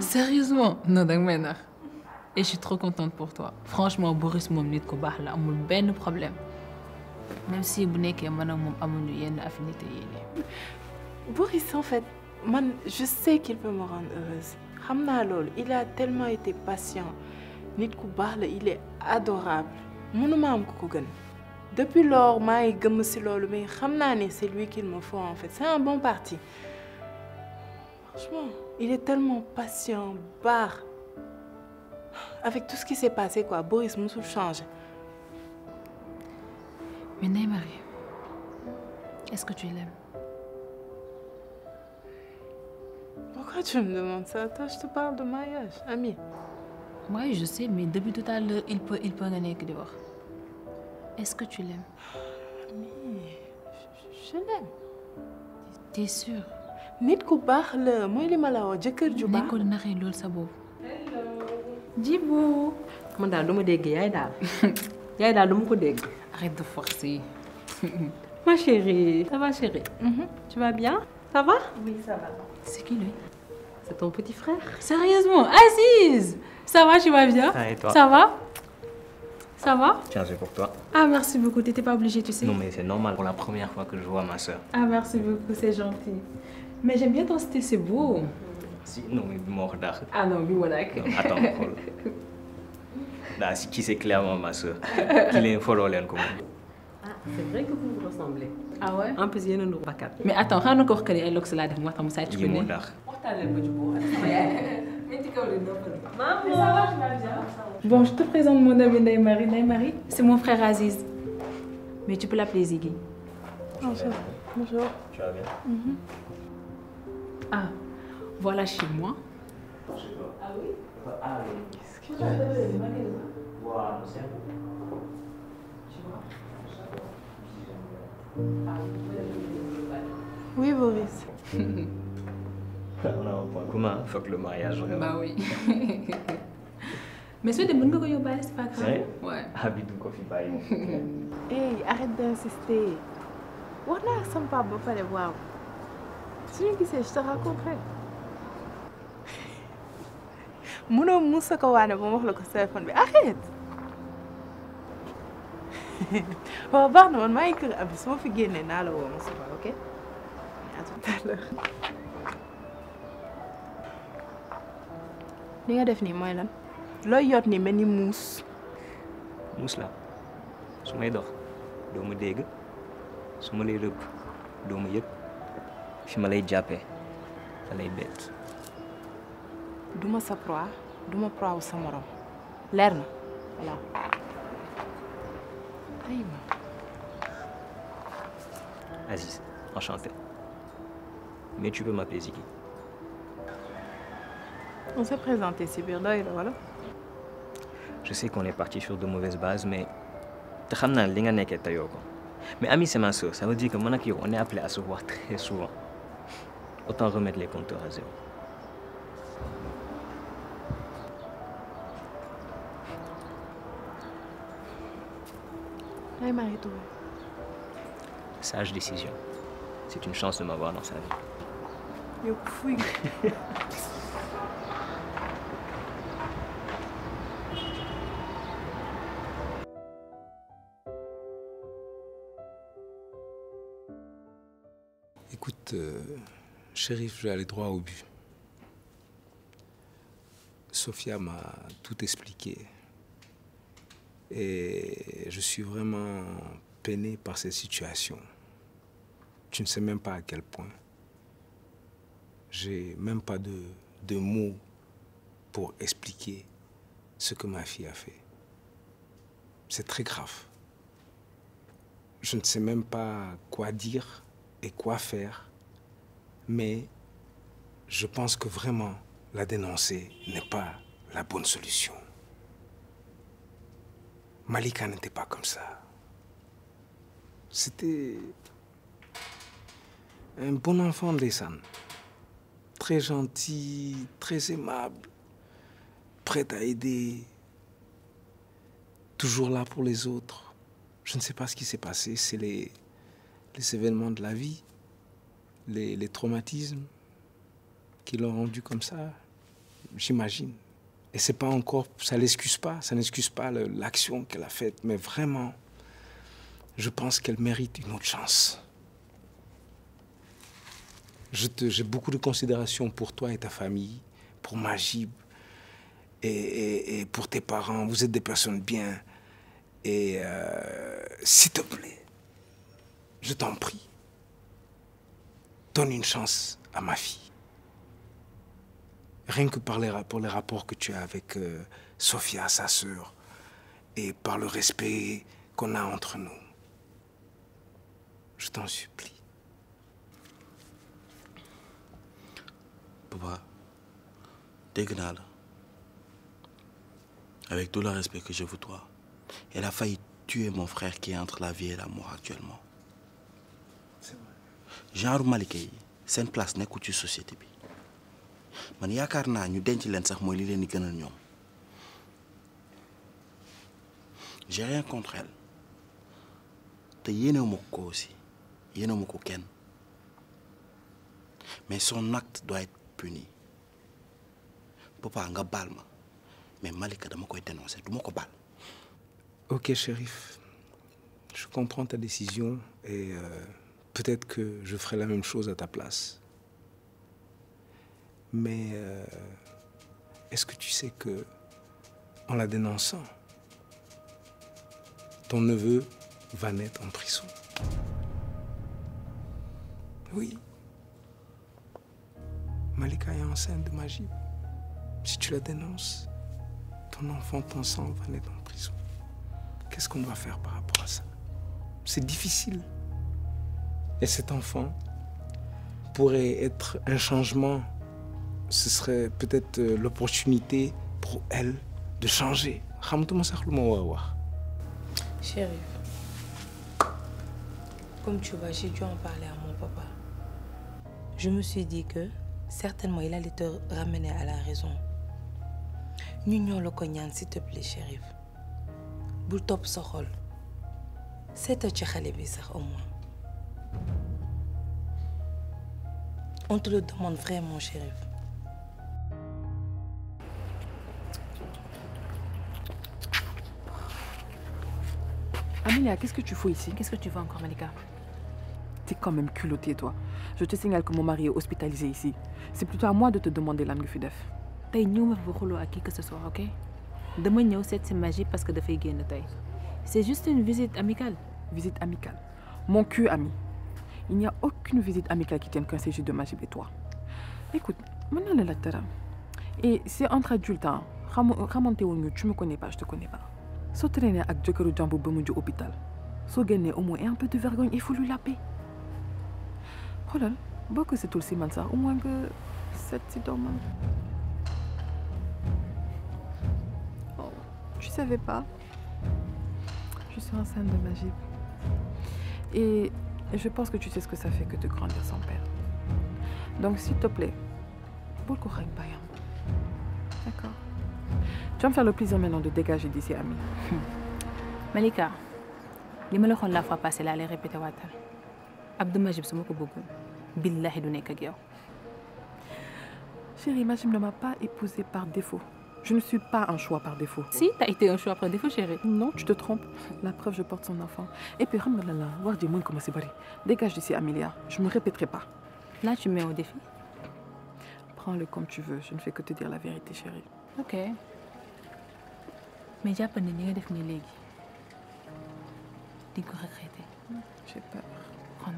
Sérieusement Non, da Et je suis trop contente pour toi. Franchement, Boris moom nit ku baax la amul ben problème. Même si bu nekkee man ak moom amuñu yenn affinité yéné. Boris en fait, man je sais qu'il peut me rendre heureuse. xam naa il a tellement été patient nit ku la il est adorable Mon am ku ko gën. depuis lors maa ngi gëm si mais xam c'est lui qu'il me faut en fait c'est un bon parti. Franchement, il est tellement patient, barre. Avec tout ce qui s'est passé, quoi, Boris Moussou change. Mais Marie.. est-ce que tu l'aimes Pourquoi tu me demandes ça Toi, je te parle de mariage, ami. Oui, je sais, mais depuis tout à l'heure, il peut, il peut en aller que voir. Est-ce que tu l'aimes ah, Ami, je, je l'aime. T'es sûre nit ku baax la moy li ma la woo jëkkër ju baax nekkul naxee loolu sa boobu. Djibo. man dégg yaay [laughs] yaay ko dégg. arrête de forcer. [laughs] ma chérie ça va chérie. Mhm. tu vas bien ça va. oui ça va. c'est qui lui. c'est ton petit frère. sérieusement assise. ça va tu vas bien. ça et toi ça va. Ça va Tiens, c'est pour toi. Ah, merci beaucoup. T'étais pas obligée, tu sais. Non, mais c'est normal pour la première fois que je vois ma soeur. Ah, merci beaucoup. C'est gentil mais j'aime bien ton style c'est beau. si non mais bi ma ah non mais est mort attends qui c'est clairement ma soeur. qui est foloo leen ah c'est vrai que vous vous ressemblez. ah ouais en plus y a nuru mais attends xaaral encore ko wax que là ay looks laa Bon, je te présente mon ami Naïmari. Naïmari, c'est mon frère Aziz. Mais tu peux l'appeler Ziggy. Bonjour. Bonjour. Tu vas bien mhm. Ah, voilà chez moi. Ah oui Ah oui. Qu'est-ce que tu c'est un peu. oui, Boris. On a un point commun, faut que le mariage Bah oui. [laughs] Mais ceux des que bah, c'est pas grave. Ouais. Ah, [laughs] hey, arrête d'insister. Voilà, ça me parle pas de voir. C'est lui qui sait, je te raconterai. Mouna Moussa Kawana, bon, le téléphone, mais arrête! هو بعض من ما يكر بس مو في جينا ناله هو مصطفى اوكي؟ ni nga def nii mooy lan looy yot ni mel ni muus muus la su may dox doo ma dégg su ma lay rëbb doo ma yëg fi ma lay jàppee da lay bett. du sa proie du ma proie wu sa morom voilà. aywa. Aziz enchanté mais tu peux m'appeler Ziggy. on s'est présenté si biir doy voilà. je sais qu'on est parti sur de mauvaises bases mais te sais ce li nga nekkee mais Ami c'est ma sœur ça veut dire que man et moi on est appelé à se voir très souvent. Autant remettre les compteurs à zéro. Hey, Sage décision. C'est une chance de m'avoir dans sa vie. [laughs] Écoute, euh, Shérif, je vais aller droit au but. Sophia m'a tout expliqué. Et je suis vraiment peiné par cette situation. Tu ne sais même pas à quel point. J'ai même pas de mots pour expliquer ce que ma fille a fait. C'est très grave. Je ne sais même pas quoi dire et quoi faire mais je pense que vraiment, la dénoncer n'est pas la bonne solution. Malika n'était pas comme ça. C'était un bon enfant de d'Essan. Très gentil, très aimable, prêt à aider, toujours là pour les autres. Je ne sais pas ce qui s'est passé, c'est les, les événements de la vie les, traumatismes qui l'ont rendu comme ça, j'imagine. Et c'est pas encore, ça l'excuse pas, ça n'excuse pas l'action qu'elle a faite, mais vraiment, je pense qu'elle mérite une autre chance. J'ai beaucoup de considération pour toi et ta famille, pour Magib et, pour tes parents. Vous êtes des personnes bien. Et euh, s'il te plaît, je t'en prie, Donne une chance à ma fille. Rien que par les, pour les rapports que tu as avec Sofia, euh, Sophia, sa sœur, et par le respect qu'on a entre nous. Je t'en supplie. Papa, Degnal, avec tout le respect que je vous dois, elle a failli tuer mon frère qui est entre la vie et la mort actuellement genre Malika yi seen place nekkul ci société bi man yaakaar naa ñu denc leen sax mooy li leen di gënal ñoom j'ai rien contre elle te yéenewuma ko aussi yéenewuma ko kenn mais son acte doit être puni papa nga baal ma mais Malika dama koy dénoncer ma ko baal. ok shérif je comprends ta décision et. Euh, peut-être que je ferai la même chose à ta place. Mais euh, est-ce que tu sais que, en la dénonçant, ton neveu va naître en prison Oui. Malika est enceinte de magie. Si tu la dénonces, ton enfant, ton sang va naître en prison. Qu'est-ce qu'on doit faire par rapport à ça C'est difficile. Et cet enfant pourrait être un changement. Ce serait peut-être euh, l'opportunité pour elle de changer. Chérif, comme tu vois, j'ai dû en parler à mon papa. Je me suis dit que certainement il allait te ramener à la raison. Nous le s'il te plaît, chérif. Boule top sorol. C'est un chakhalé au moins. On te le demande vraiment, chéri. Amelia, qu'est-ce que tu fous ici Qu'est-ce que tu veux encore, Malika T'es quand même culottée, toi. Je te signale que mon mari est hospitalisé ici. C'est plutôt à moi de te demander l'âme du FUDEF. qui que ce soit, ok Demain, magie parce que de fait, C'est juste une visite amicale. Visite amicale. Mon cul ami. Il n'y a aucune visite amicale qui tienne qu'un séjour de magie et toi. Écoute, maintenant la là. Et c'est entre adultes, hein. tu me connais pas, je ne te connais pas. Si tu traînes avec Joker ou Jambo Boumou hôpital, si tu au moins un peu de vergogne, il faut lui la paix. Oh là, bon que c'est tout aussi mal ça, au moins que cette si dormant. Oh, tu savais pas. Je suis enceinte de magie Et et je pense que tu sais ce que ça fait que de grandir sans père. Donc, s'il te plaît, beaucoup Bayam. D'accord Tu vas me faire le plaisir maintenant de dégager d'ici, Ami. [laughs] Malika, les me la la fois passée la les répété waatal Abdou Majib ma ko billahi Chérie, ne m'a pas épousée par défaut. Je ne suis pas un choix par défaut. Si, tu as été un choix par défaut, chérie. Non, tu te trompes. La preuve, je porte son enfant. Et puis, Ramalala, voir des moins comment c'est barré. Dégage d'ici, Amelia. Je ne me répéterai pas. Là, tu me mets au défi. Prends-le comme tu veux. Je ne fais que te dire la vérité, chérie. Ok. Mais j'ai pas de J'ai peur. Prends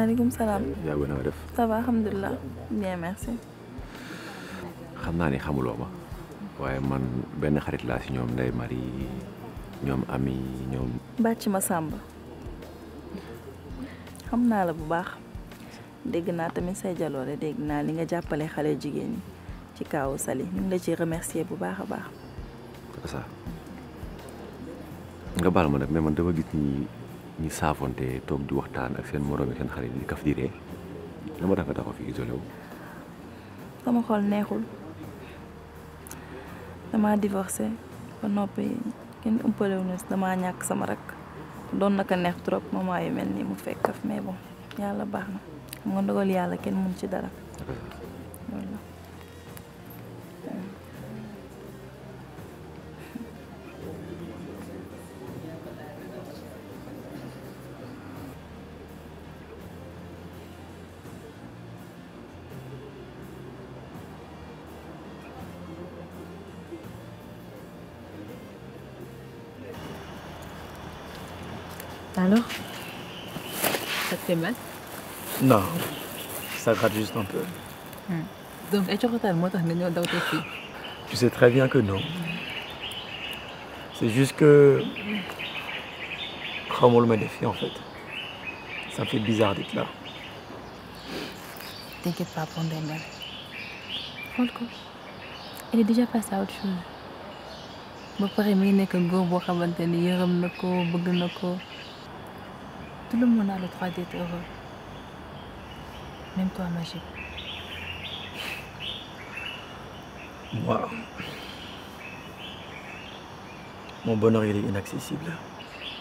maaleykum salaam. yaa ngi naan bien merci. xam naa ni xamuloo ma. waaye man benn xarit laa si Marie ñoom Ami ñoom. bàcc ma Samba. xam naa la bu baax. dégg naa tamit say jaloore dégg naa li nga jàppale xale jigéen ñi ci kaawu Sali nga ma mais man dama gis ni. ñi saafonte toog di waxtaan ak seen moroom seen xarit di kaf di ree la ma tax nga taxaw fi isolé wu sama xol neexul dama divorcé ba noppi kenn umpalewu na dama ñàkk sama rak doon a neex trop moment yu mel nii mu fekk kaf mais bon yàlla baax na xam nga ndogal yàlla kenn mun ci dara Alors Ça fait mal Non, ça gratte juste un peu. Hmm. Donc, est-ce que tu as Tu sais très bien que non. C'est juste que. Comment le en fait Ça me fait bizarre d'être là. T'inquiète pas, pour Prends le Elle est déjà passée à autre chose. Je ne pas je suis un tout le monde a le droit d'être heureux. Même toi, Magie. Moi, mon bonheur, il est inaccessible.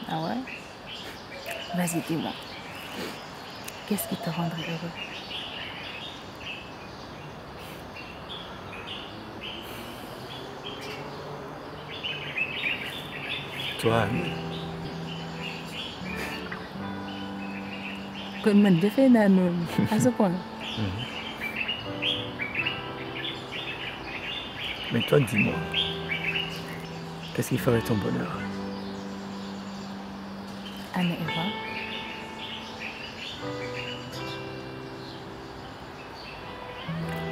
Ah ouais Vas-y, dis-moi. Qu'est-ce qui te rendrait heureux Toi, Que man defee naa à ce point. [laughs] Mais toi, dis-moi, qu'est-ce qui ferait ton bonheur Anna Eva.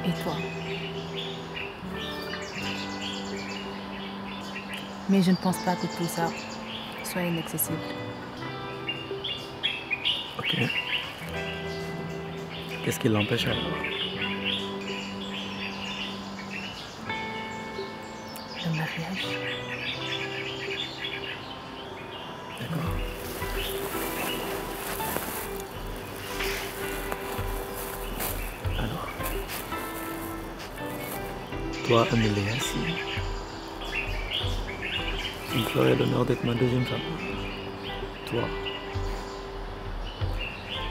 Et toi Mais je ne pense pas que tout ça soit inaccessible. Ok. Qu'est-ce qui l'empêche Le mariage. D'accord. Alors, toi, Amélie si tu me ferais l'honneur d'être ma deuxième femme, toi.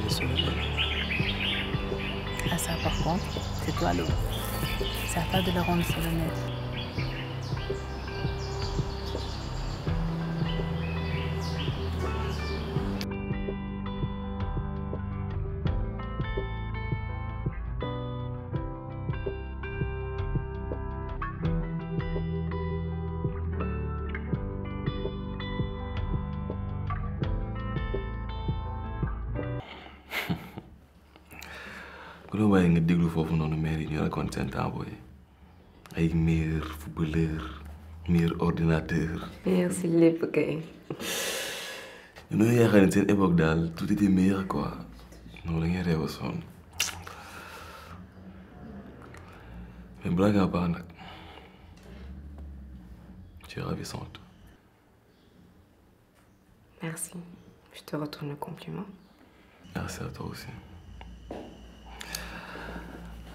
qui est le soleil. Ah ça par contre, c'est toi l'eau. C'est à toi de le rendre solennelle. Avec temps booy footballer, meilleur footballeur meilleur ordinateur. Merci, l'époque. Nous, nous y a yaakaar ne époque tout était meilleur quoi Nous on a réew mais blague à part tu es ravissante. merci je te retourne le compliment. merci à toi aussi.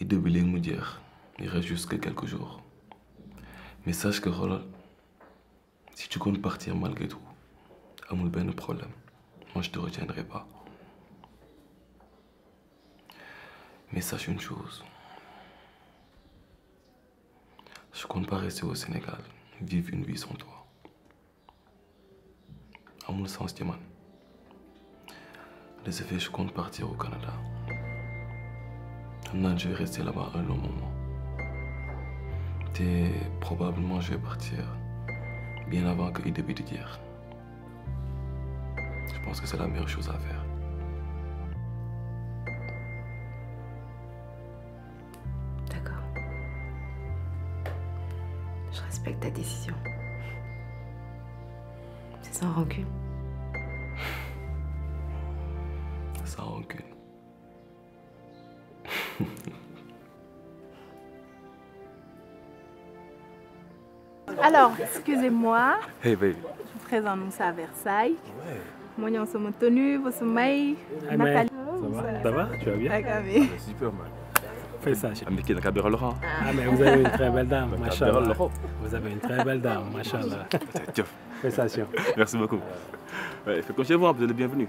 Et de lui me dire, il reste juste quelques jours mais sache que si tu comptes partir malgré tout a ben problème moi je te retiendrai pas mais sache une chose je compte pas rester au Sénégal vivre une vie sans toi mon sens ci Les effets, je compte partir au Canada. Maintenant, je vais rester là-bas un long moment. Et probablement, je vais partir bien avant qu'il débute d'hier. Je pense que c'est la meilleure chose à faire. D'accord. Je respecte ta décision. C'est sans rancune. [laughs] sans rancune. Alors, excusez-moi. Je vous présente Moussa à Versailles. Ouais. Moi, se tenu, tenu, vous sommes Nathalie. Ça va Ça va Tu vas bien Super mal. Fais ça, Ah, mais vous avez une très belle dame, machin. Vous avez une très belle dame, Félicitations. [laughs] Merci beaucoup. Ouais, fais comme chez vous, vous êtes les bienvenus.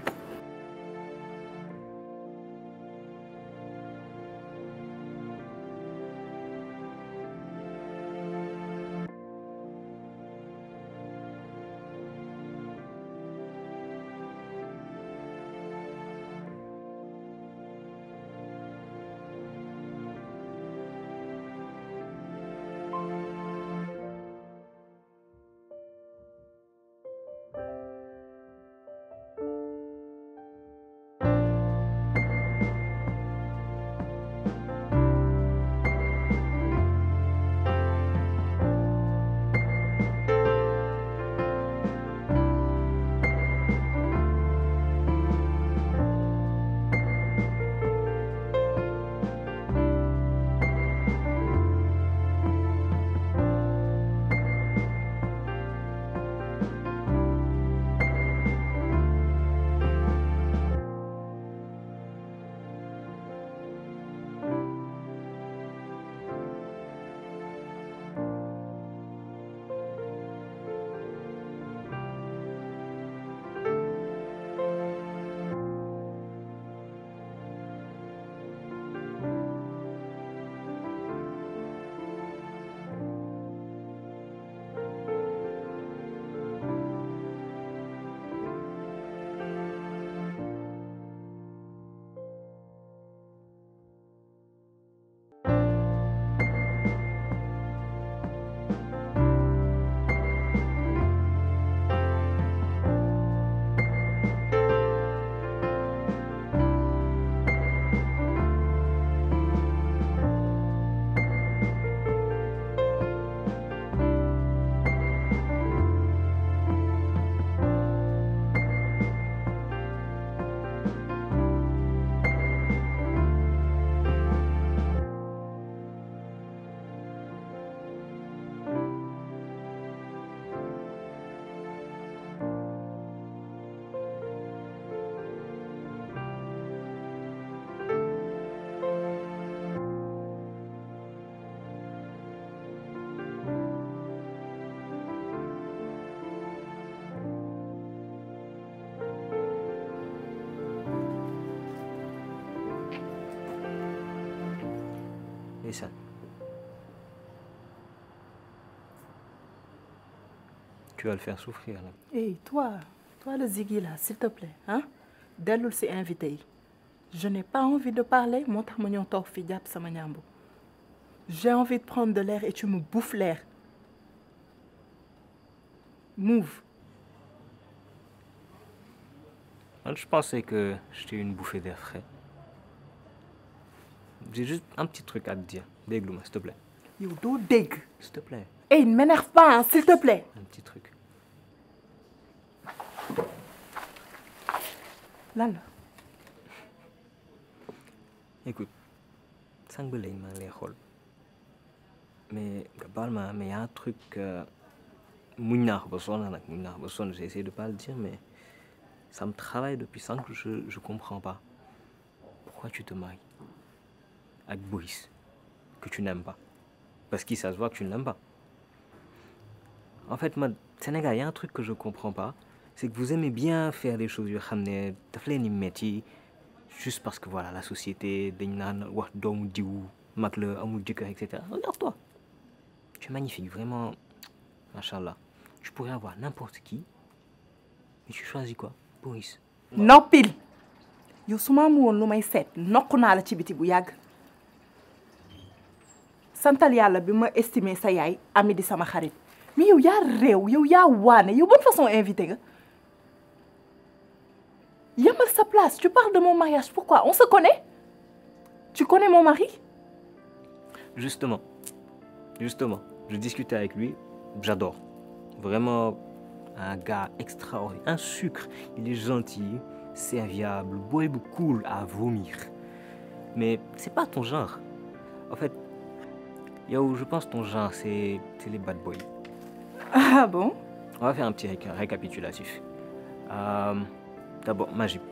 tu vas le faire souffrir. Hé, hey, toi, toi le Ziggy là, s'il te plaît, hein? s'est invité. Je n'ai pas envie de parler, mon torfi J'ai envie de prendre de l'air et tu me bouffes l'air. Move. Je pensais que j'étais une bouffée d'air frais. J'ai juste un petit truc à te dire. Déglouma, s'il te plaît. You do dig. S'il te plaît. Et il ne m'énerve pas, hein, s'il te plaît. Un petit truc. Lal. écoute Je ba mais les mais il y a un truc euh, mounard, ba j'ai essayé de ne pas le dire mais ça me travaille depuis 5 que je ne comprends pas pourquoi tu te maries avec Boris que tu n'aimes pas parce qu'il ça se voit que tu ne l'aimes pas en fait, moi, Sénégal, il y a un truc que je comprends pas. C'est que vous aimez bien faire des choses, juste parce que voilà, la société, etc. Regarde-toi. Tu es magnifique, vraiment. Machallah. je pourrais avoir n'importe qui. Mais tu choisis quoi Boris. Non, pile Yo, su ma amu woon may set nokku naa la ci biti bu yag santal yàlla bi ma sa yaay ami di sama xarit mais y a Wane, ya y a une bonne façon invité a yamal sa place tu parles de mon mariage pourquoi on se connaît tu connais mon mari justement justement je discutais avec lui j'adore vraiment un gars extraordinaire un sucre il est gentil serviable boy cool à vomir mais c'est pas ton genre en fait où je pense ton genre, c'est les bad boys. Ah bon On va faire un petit récapitulatif. Euh, D'abord, Majib.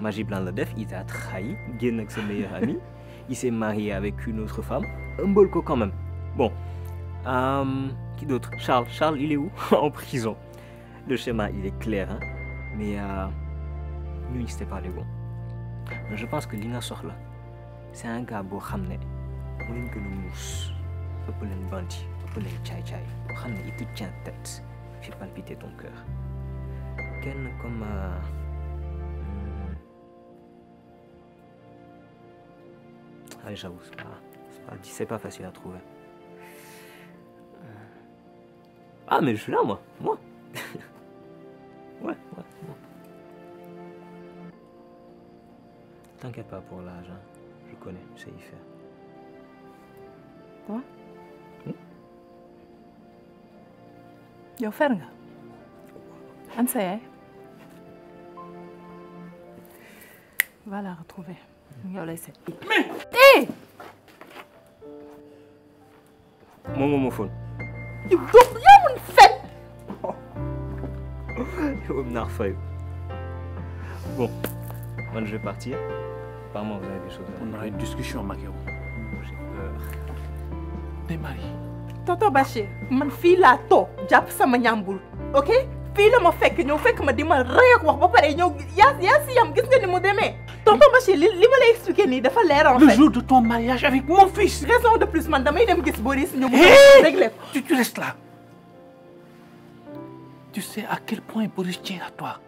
Majib def il a trahi, avec son meilleur Il s'est marié avec une autre femme, un bolco quand même. Bon. Euh, qui d'autre Charles. Charles, il est où [laughs] En prison. Le schéma, il est clair, hein mais euh, nous, pas les bons. je pense que Lina là c'est un gars beau ramené. On que nous mousse. Un Olay Chai Chai, xam il te tient tête, Fais palpiter ton cœur. comme Ah, j'avoue, c'est pas, c'est pas, facile à trouver. Euh. Ah, mais je suis là, moi. Moi. [laughs] ouais, ouais, moi. T'inquiète pas pour l'âge, hein. Je connais, je sais y faire. Quoi yow fer nga an va la retrouver yow lay seet mais mon mon phone. fon yow doo mon mun fen yow nar fay bon moi je vais partir apparemment vous avez des choses à on aura une discussion Maguio j'ai peur Des Marie Tonton Bachir man je ok ma le jour de ton mariage avec mon fils. raison de plus man Boris tu restes là tu sais à quel point Boris tient à toi.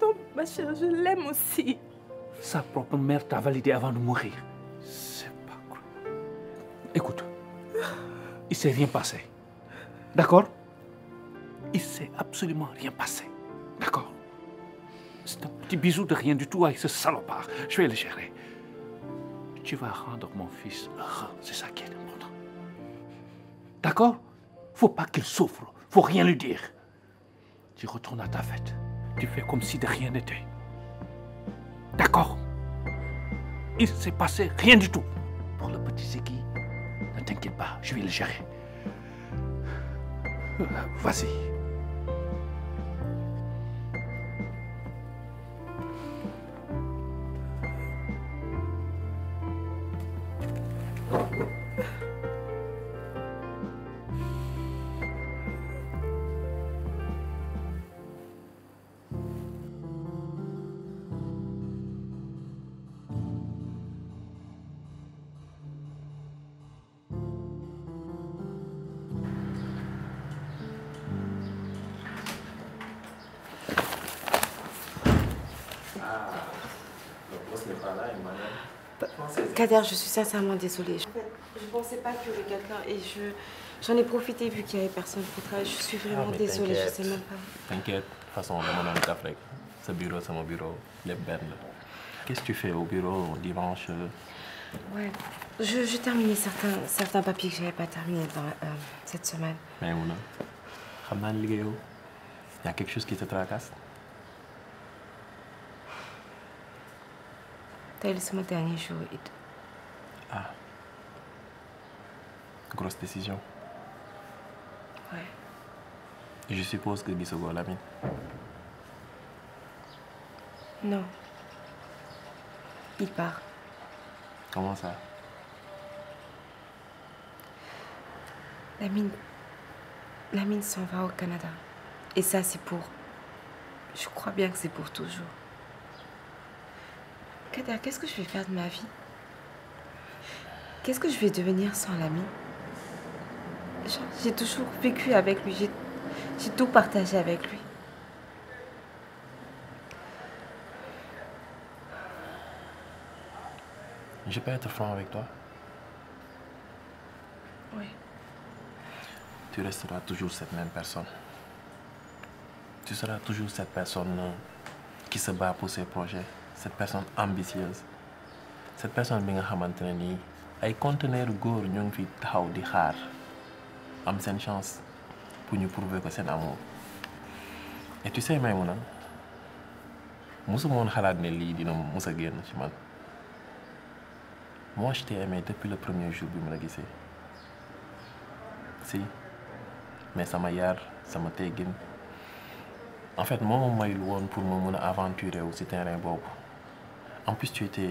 tonton Bachir je l'aime aussi. sa propre mère t'a validé avant de mourir. c'est pas écoute il s'est rien passé. D'accord Il s'est absolument rien passé. D'accord C'est un petit bisou de rien du tout avec ce salopard. Je vais le gérer. Tu vas rendre mon fils heureux. C'est ça qui est important. D'accord Faut pas qu'il souffre. Faut rien lui dire. Tu retournes à ta fête. Tu fais comme si de rien n'était. D'accord Il s'est passé rien du tout. Pour le petit Zeki, t'inquiète pas, je vais le gérer. Euh, vas-y. je suis sincèrement désolée. je je pensais pas que y quelqu'un et je... J'en ai profité vu qu'il n'y avait personne pour travailler. Je suis vraiment ah, désolée, je sais même pas. T'inquiète, de toute façon, on mon taf Ce bureau, c'est mon bureau. Les bernes. Qu'est-ce que tu fais au bureau dimanche Ouais, je, je terminais certains, certains papiers que j'avais pas terminés euh, cette semaine. Mais Mouna, il y a quelque chose qui te tracasse T'as est mon dernier jour. Ah. Grosse décision. Ouais. Je suppose que Bisogo l'a mine. Non. Il part. Comment ça La mine. La mine s'en va au Canada. Et ça, c'est pour. Je crois bien que c'est pour toujours. Kader, qu'est-ce que je vais faire de ma vie Qu'est-ce que je vais devenir sans l'ami J'ai toujours vécu avec lui, j'ai tout partagé avec lui. Je peux être franc avec toi Oui. Tu resteras toujours cette même personne. Tu seras toujours cette personne qui se bat pour ses projets, cette personne ambitieuse, cette personne qui ay conteneur góor ñoo ngi fi taxaw di xaar am seen chance pour ñu prouver que seen amour et tu sais Maïmouna mosuma woon xalaat ne lii dina mos a génn ci man moi je t'ai aimé depuis le premier jour bi ma la gisee si mais sama yar sama teggin en fait moo ma mayul woon pour ma mun a aventurer wu ci terrain boobu en plus tu étais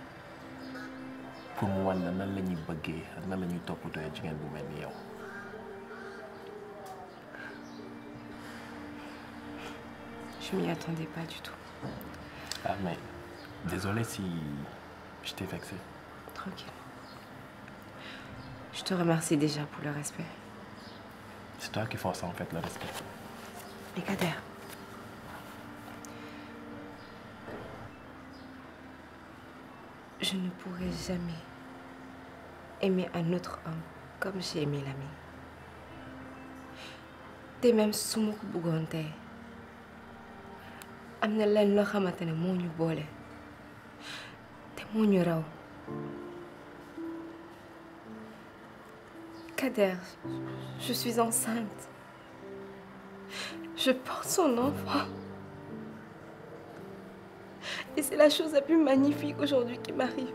Je ne je m'y attendais pas du tout. ah mais désolé si je t'ai vexé. tranquille je te remercie déjà pour le respect. c'est toi qui force en fait le respect. mais je ne pourrai jamais aimer un autre homme comme j'ai aimé l'ami Et même raw Kader je suis enceinte je porte son enfant et c'est la chose la plus magnifique aujourd'hui qui m'arrive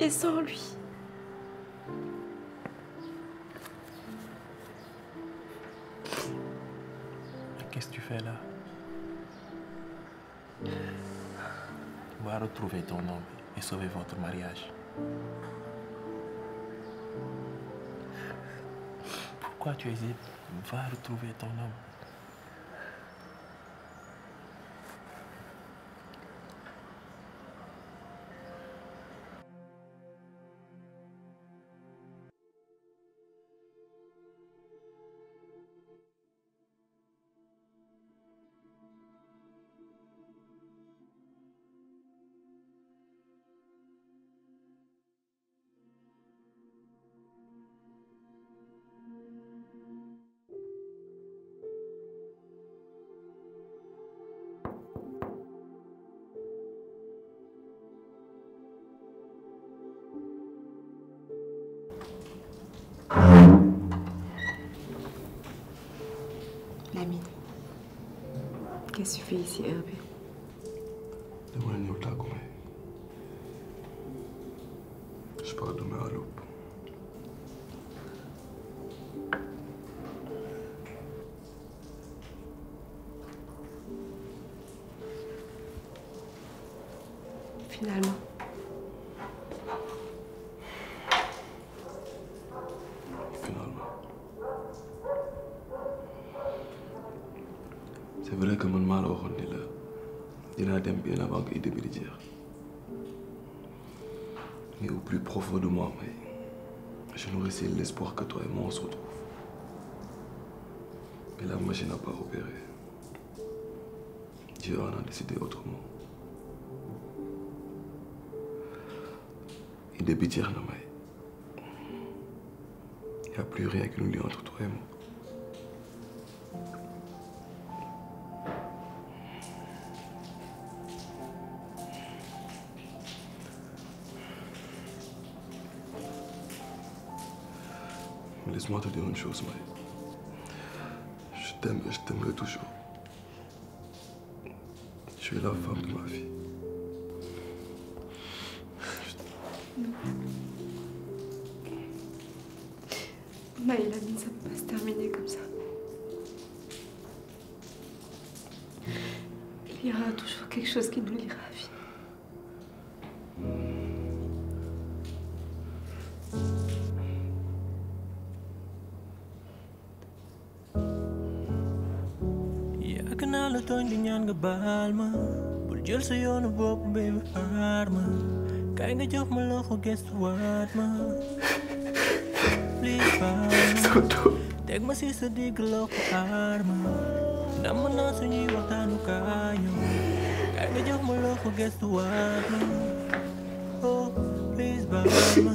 et sans lui qu'est-ce que tu fais là Va retrouver ton homme et sauver votre mariage. Pourquoi tu hésites Va retrouver ton homme. الناس في ثيابه لوين يرتقي c'est l'espoir que toi et moi on se retrouve. Mais la machine n'a pas opéré. Dieu en a décidé autrement. Il débite la Je moi te dire une chose, Marie. Je t'aime et je t'aimerai toujours. Tu es la femme de ma vie. Non. ça ne peut pas se terminer comme ça. Il y aura toujours quelque chose qui nous lira à vie. balma bul jël sa yoonu bopp baby xaar ma kaay nga jox ma loxo gestu waat ma lii baal teg ma si sa digg loxo xaar ma nam naa oh please baal ma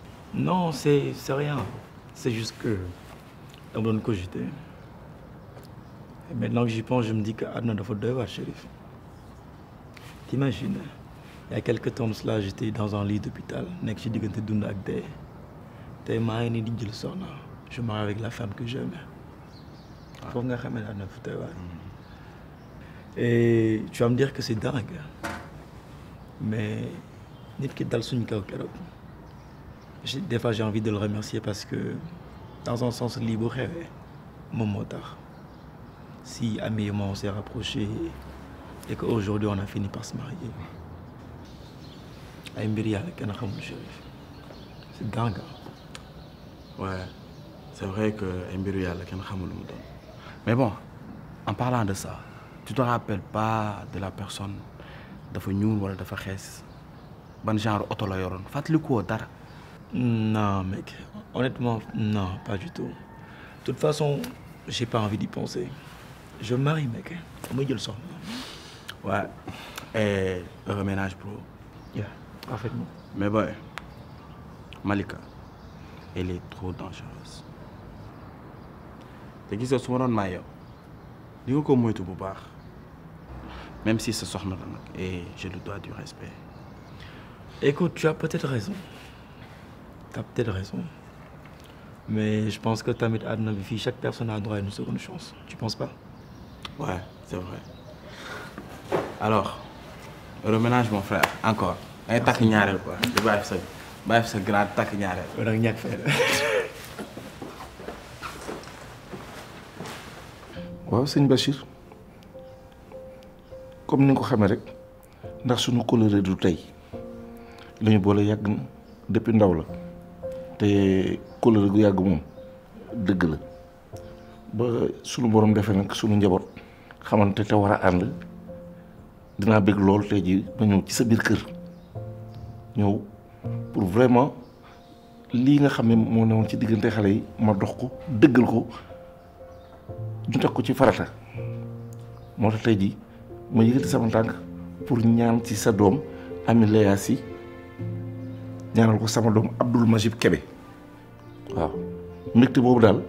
Non, c'est rien. C'est juste que on mon cogiter. Et maintenant que j'y pense, je me dis que ah a faute de shérif. T'imagines, il y a quelques temps cela, j'étais dans un lit d'hôpital. Je suis dit que marié Je marie avec la femme que j'aime. Et tu vas me dire que c'est dingue. Mais, nest que dal des fois j'ai envie de le remercier parce que dans un sens libre mon motard si Ami et moi on s'est rapprochés et qu'aujourd'hui on a fini par se marier c'est ganga hein. ouais c'est vrai que ay mbiru yàlla kenn mais bon en parlant de ça tu te rappelles pas de la personne dafa a wala dafa xees ban genre auto la yoroon dara non, mec. Honnêtement, non, pas du tout. De toute façon, j'ai pas envie d'y penser. Je me marie, mec. Moi, je le sens. Ouais. Et reménage, pour Yeah, parfaitement. Mais bon, Malika, elle est trop dangereuse. même si ce soir, et je lui dois du respect. écoute tu as peut-être raison. T'as peut-être raison. Mais je pense que Tamit Adnabifi, chaque personne a droit à une seconde chance. Tu penses pas Ouais, c'est vrai. Alors, reménage mon frère, encore. Un tac ñaarel quoi. Du baïf sa baïf sa grand tac ñaarel. Wala ñak fay. [laughs] Waaw seigne Bachir. Comme nous nga ko xamé rek ndax suñu colère du tay. Lañu bolé yag depuis ndaw la. te kóllëre gu yàgg moom dëgg la ba sunu borom defee nak sunu njabot xamante te war a ànd dinaa bëgg lool tey ji ba ñëw ci sa bir kër ñëw pour vraiment li nga xamé mo moo ci digënté xalé yi ma dox ko dëggal ko ñu teg ko ci farata mo tax tay ji ma sama tank pour ñaan ci sa doom ñaanal ko sama doom Abdoul Majib Kébé waaw mbégte boobu daal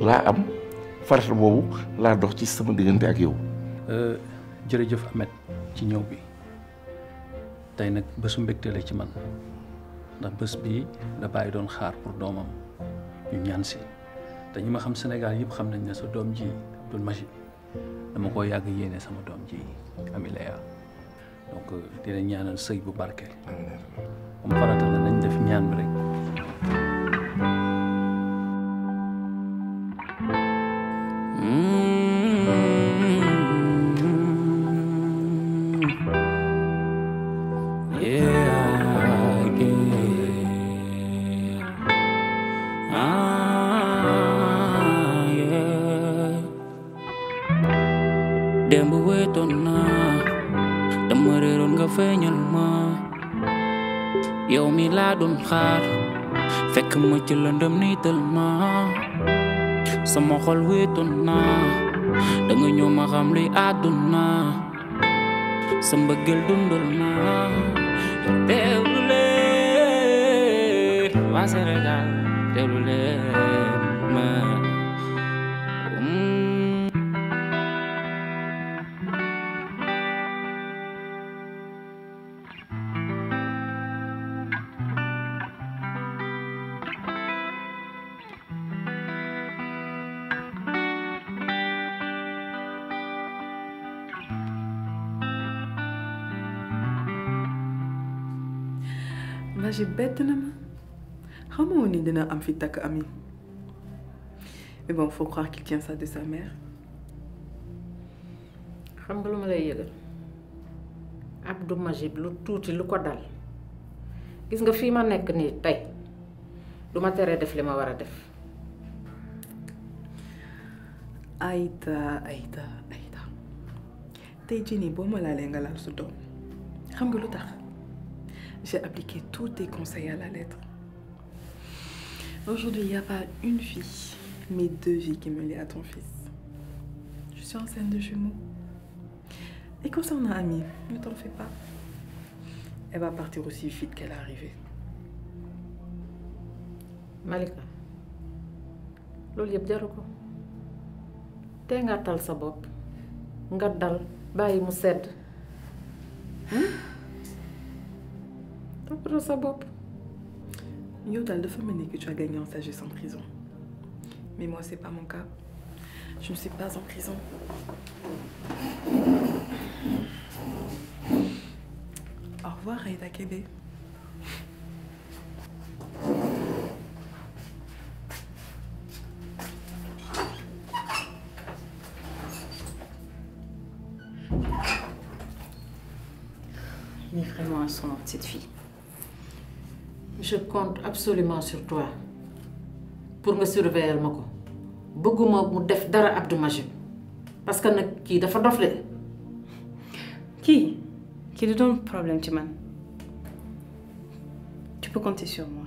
laa am farata boobu laa dox ci sama diggante ak yow. Euh, jërëjëf Ahmed ci ñëw bi tey nag bésu mbégte la ci man ndax bés bii la bàyyi doon xaar pour doomam ñu ñaan si te ñi ma xam Sénégal yëpp xam nañ ne sa doom ji Abdoul Majib dama ko yàgg yéene sama doom ji Amileya donc euh, di la ñaanal sëy bu barke. am farata ñaan xaar fekk ma ci lëndëm niital ma sama xol wéetu naa da nga ñëw ma xam sa bett na ma xamoo woon ni dina am fi mais bon faut croire qu'il tient ça de sa mère. xam nga lu lay Abdou Majib le tout lu ko dal gis nga fii ma nek ni tay? du ma teree def li ma def. Aïta, aïta, aïta. tey jii nii boo ma laalee nga laal su doom xam j'ai appliqué tous tes conseils à la lettre. Aujourd'hui, il n'y a pas une fille, mais deux vies qui me lient à ton fils. Je suis scène de jumeaux. Et concernant Ami, ne t'en fais pas. Elle va partir aussi vite qu'elle est arrivée. Malika, tal toppatoo sa sais pas. de que tu as gagné en sagesse en prison mais moi c'est pas mon cas je ne suis pas en prison au revoir Aïda Kébé est vraiment, un son de cette fille je compte absolument sur toi pour me surveiller ma ko bëgguma mu def dara de parce que qui qui dafa dofle Qui, qui a un problème tu peux compter sur moi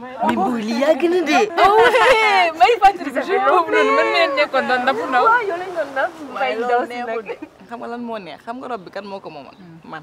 mais booy lii yàgg na de. ah oui may fàttali ko jour boobu noonu man mii waaye loolu neexul de nga lan moo neex xam nga rob bi kan moo ko moomoon man.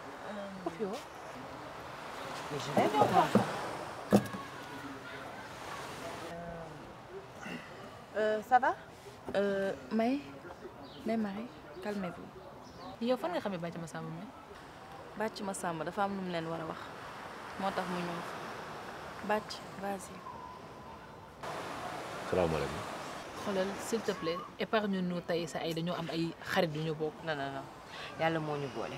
커피요? May Ndeye Marie yow fan nga xamee bàcc ma sàmm mi. bàcc ma sàmm dafa am lu mu leen war a wax moo tax mu ñëw bàcc vas-y. salaamaaleykum. xoolal s'il épargne ñu tey sa ay dañoo am ay xarit yu ñu bokk. non non yàlla moo ñu boole.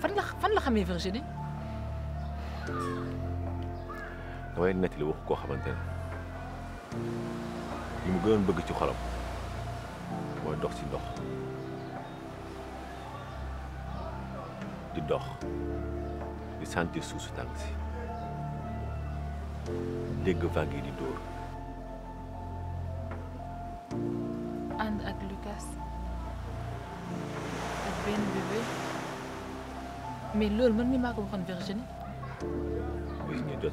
fan la la xamee Virginie. damay nettali wax koo xamante ne bëgg ci xolam mooy dox ci ndox di dox di sentir tàng si di dóor. And ak Lucas Avec Ben, bébé. mais lol man mi maa ko Virginie. oui ñu jot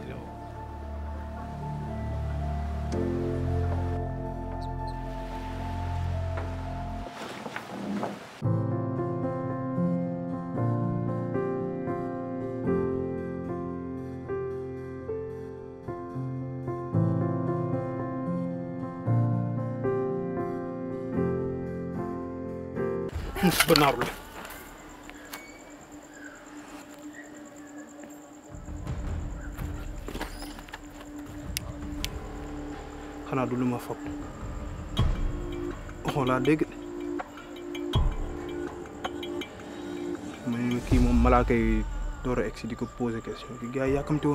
naa du lu ma foog xoolaa ma ne kii moom malaaka yi door a ko posé question bi gars yi yàkkamti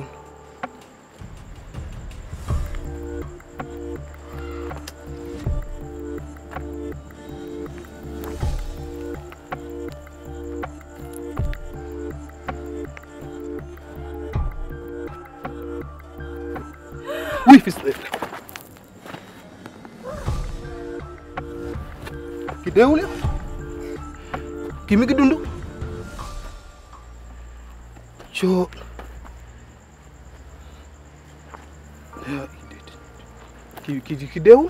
que deu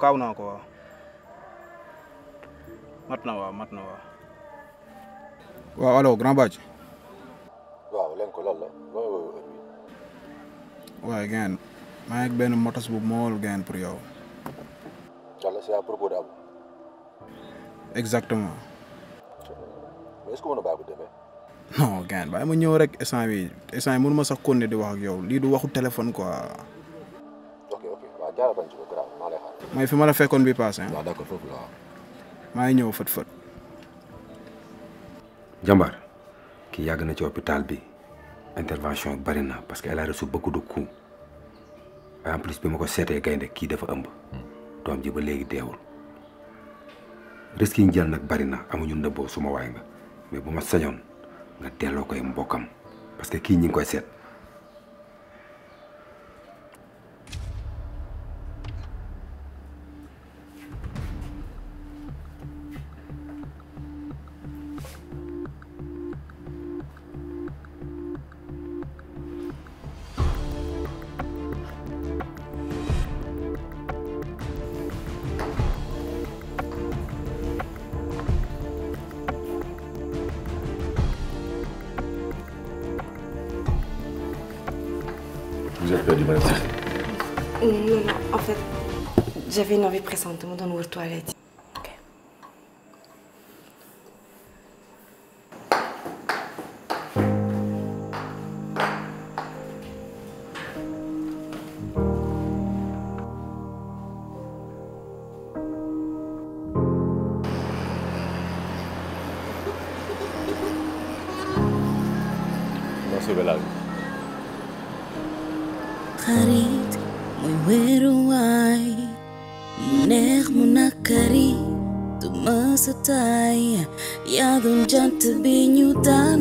kaaw naa ko waaw mat na waaw mat na waaw. waaw allo grand Bathie. waaw leen ko la looloo ëpp. maa ngi benn motos bu mool ngeen pour yow. Yàlla c'est à propos de Abou. exactement. mais est-ce que mën na bàyyi ko demee. ma ñëw rek instant bi instant yi mënu ma sax kon ne di wax ak yow lii du waxu téléphone quoi. mooy fi ma la fekkoon bi passé. waaw d'accord foofu la maa ngi ñëw fët fët. Jambar kii yàgg na ci hôpital bi intervention bari na parce que elle resu reçu beaucoup de en plus bi ma ko seetee gaynde kii dafa ëmb. doom ji ba léegi deewul. risque yi jël nag bari na amuñu ndëbboo suma waay nga mais bu ma sañoon nga delloo koy mbokkam parce que kii ñi ngi koy seet. la Non, non, en fait, j'avais une envie pressante de me donner aux toilettes. tak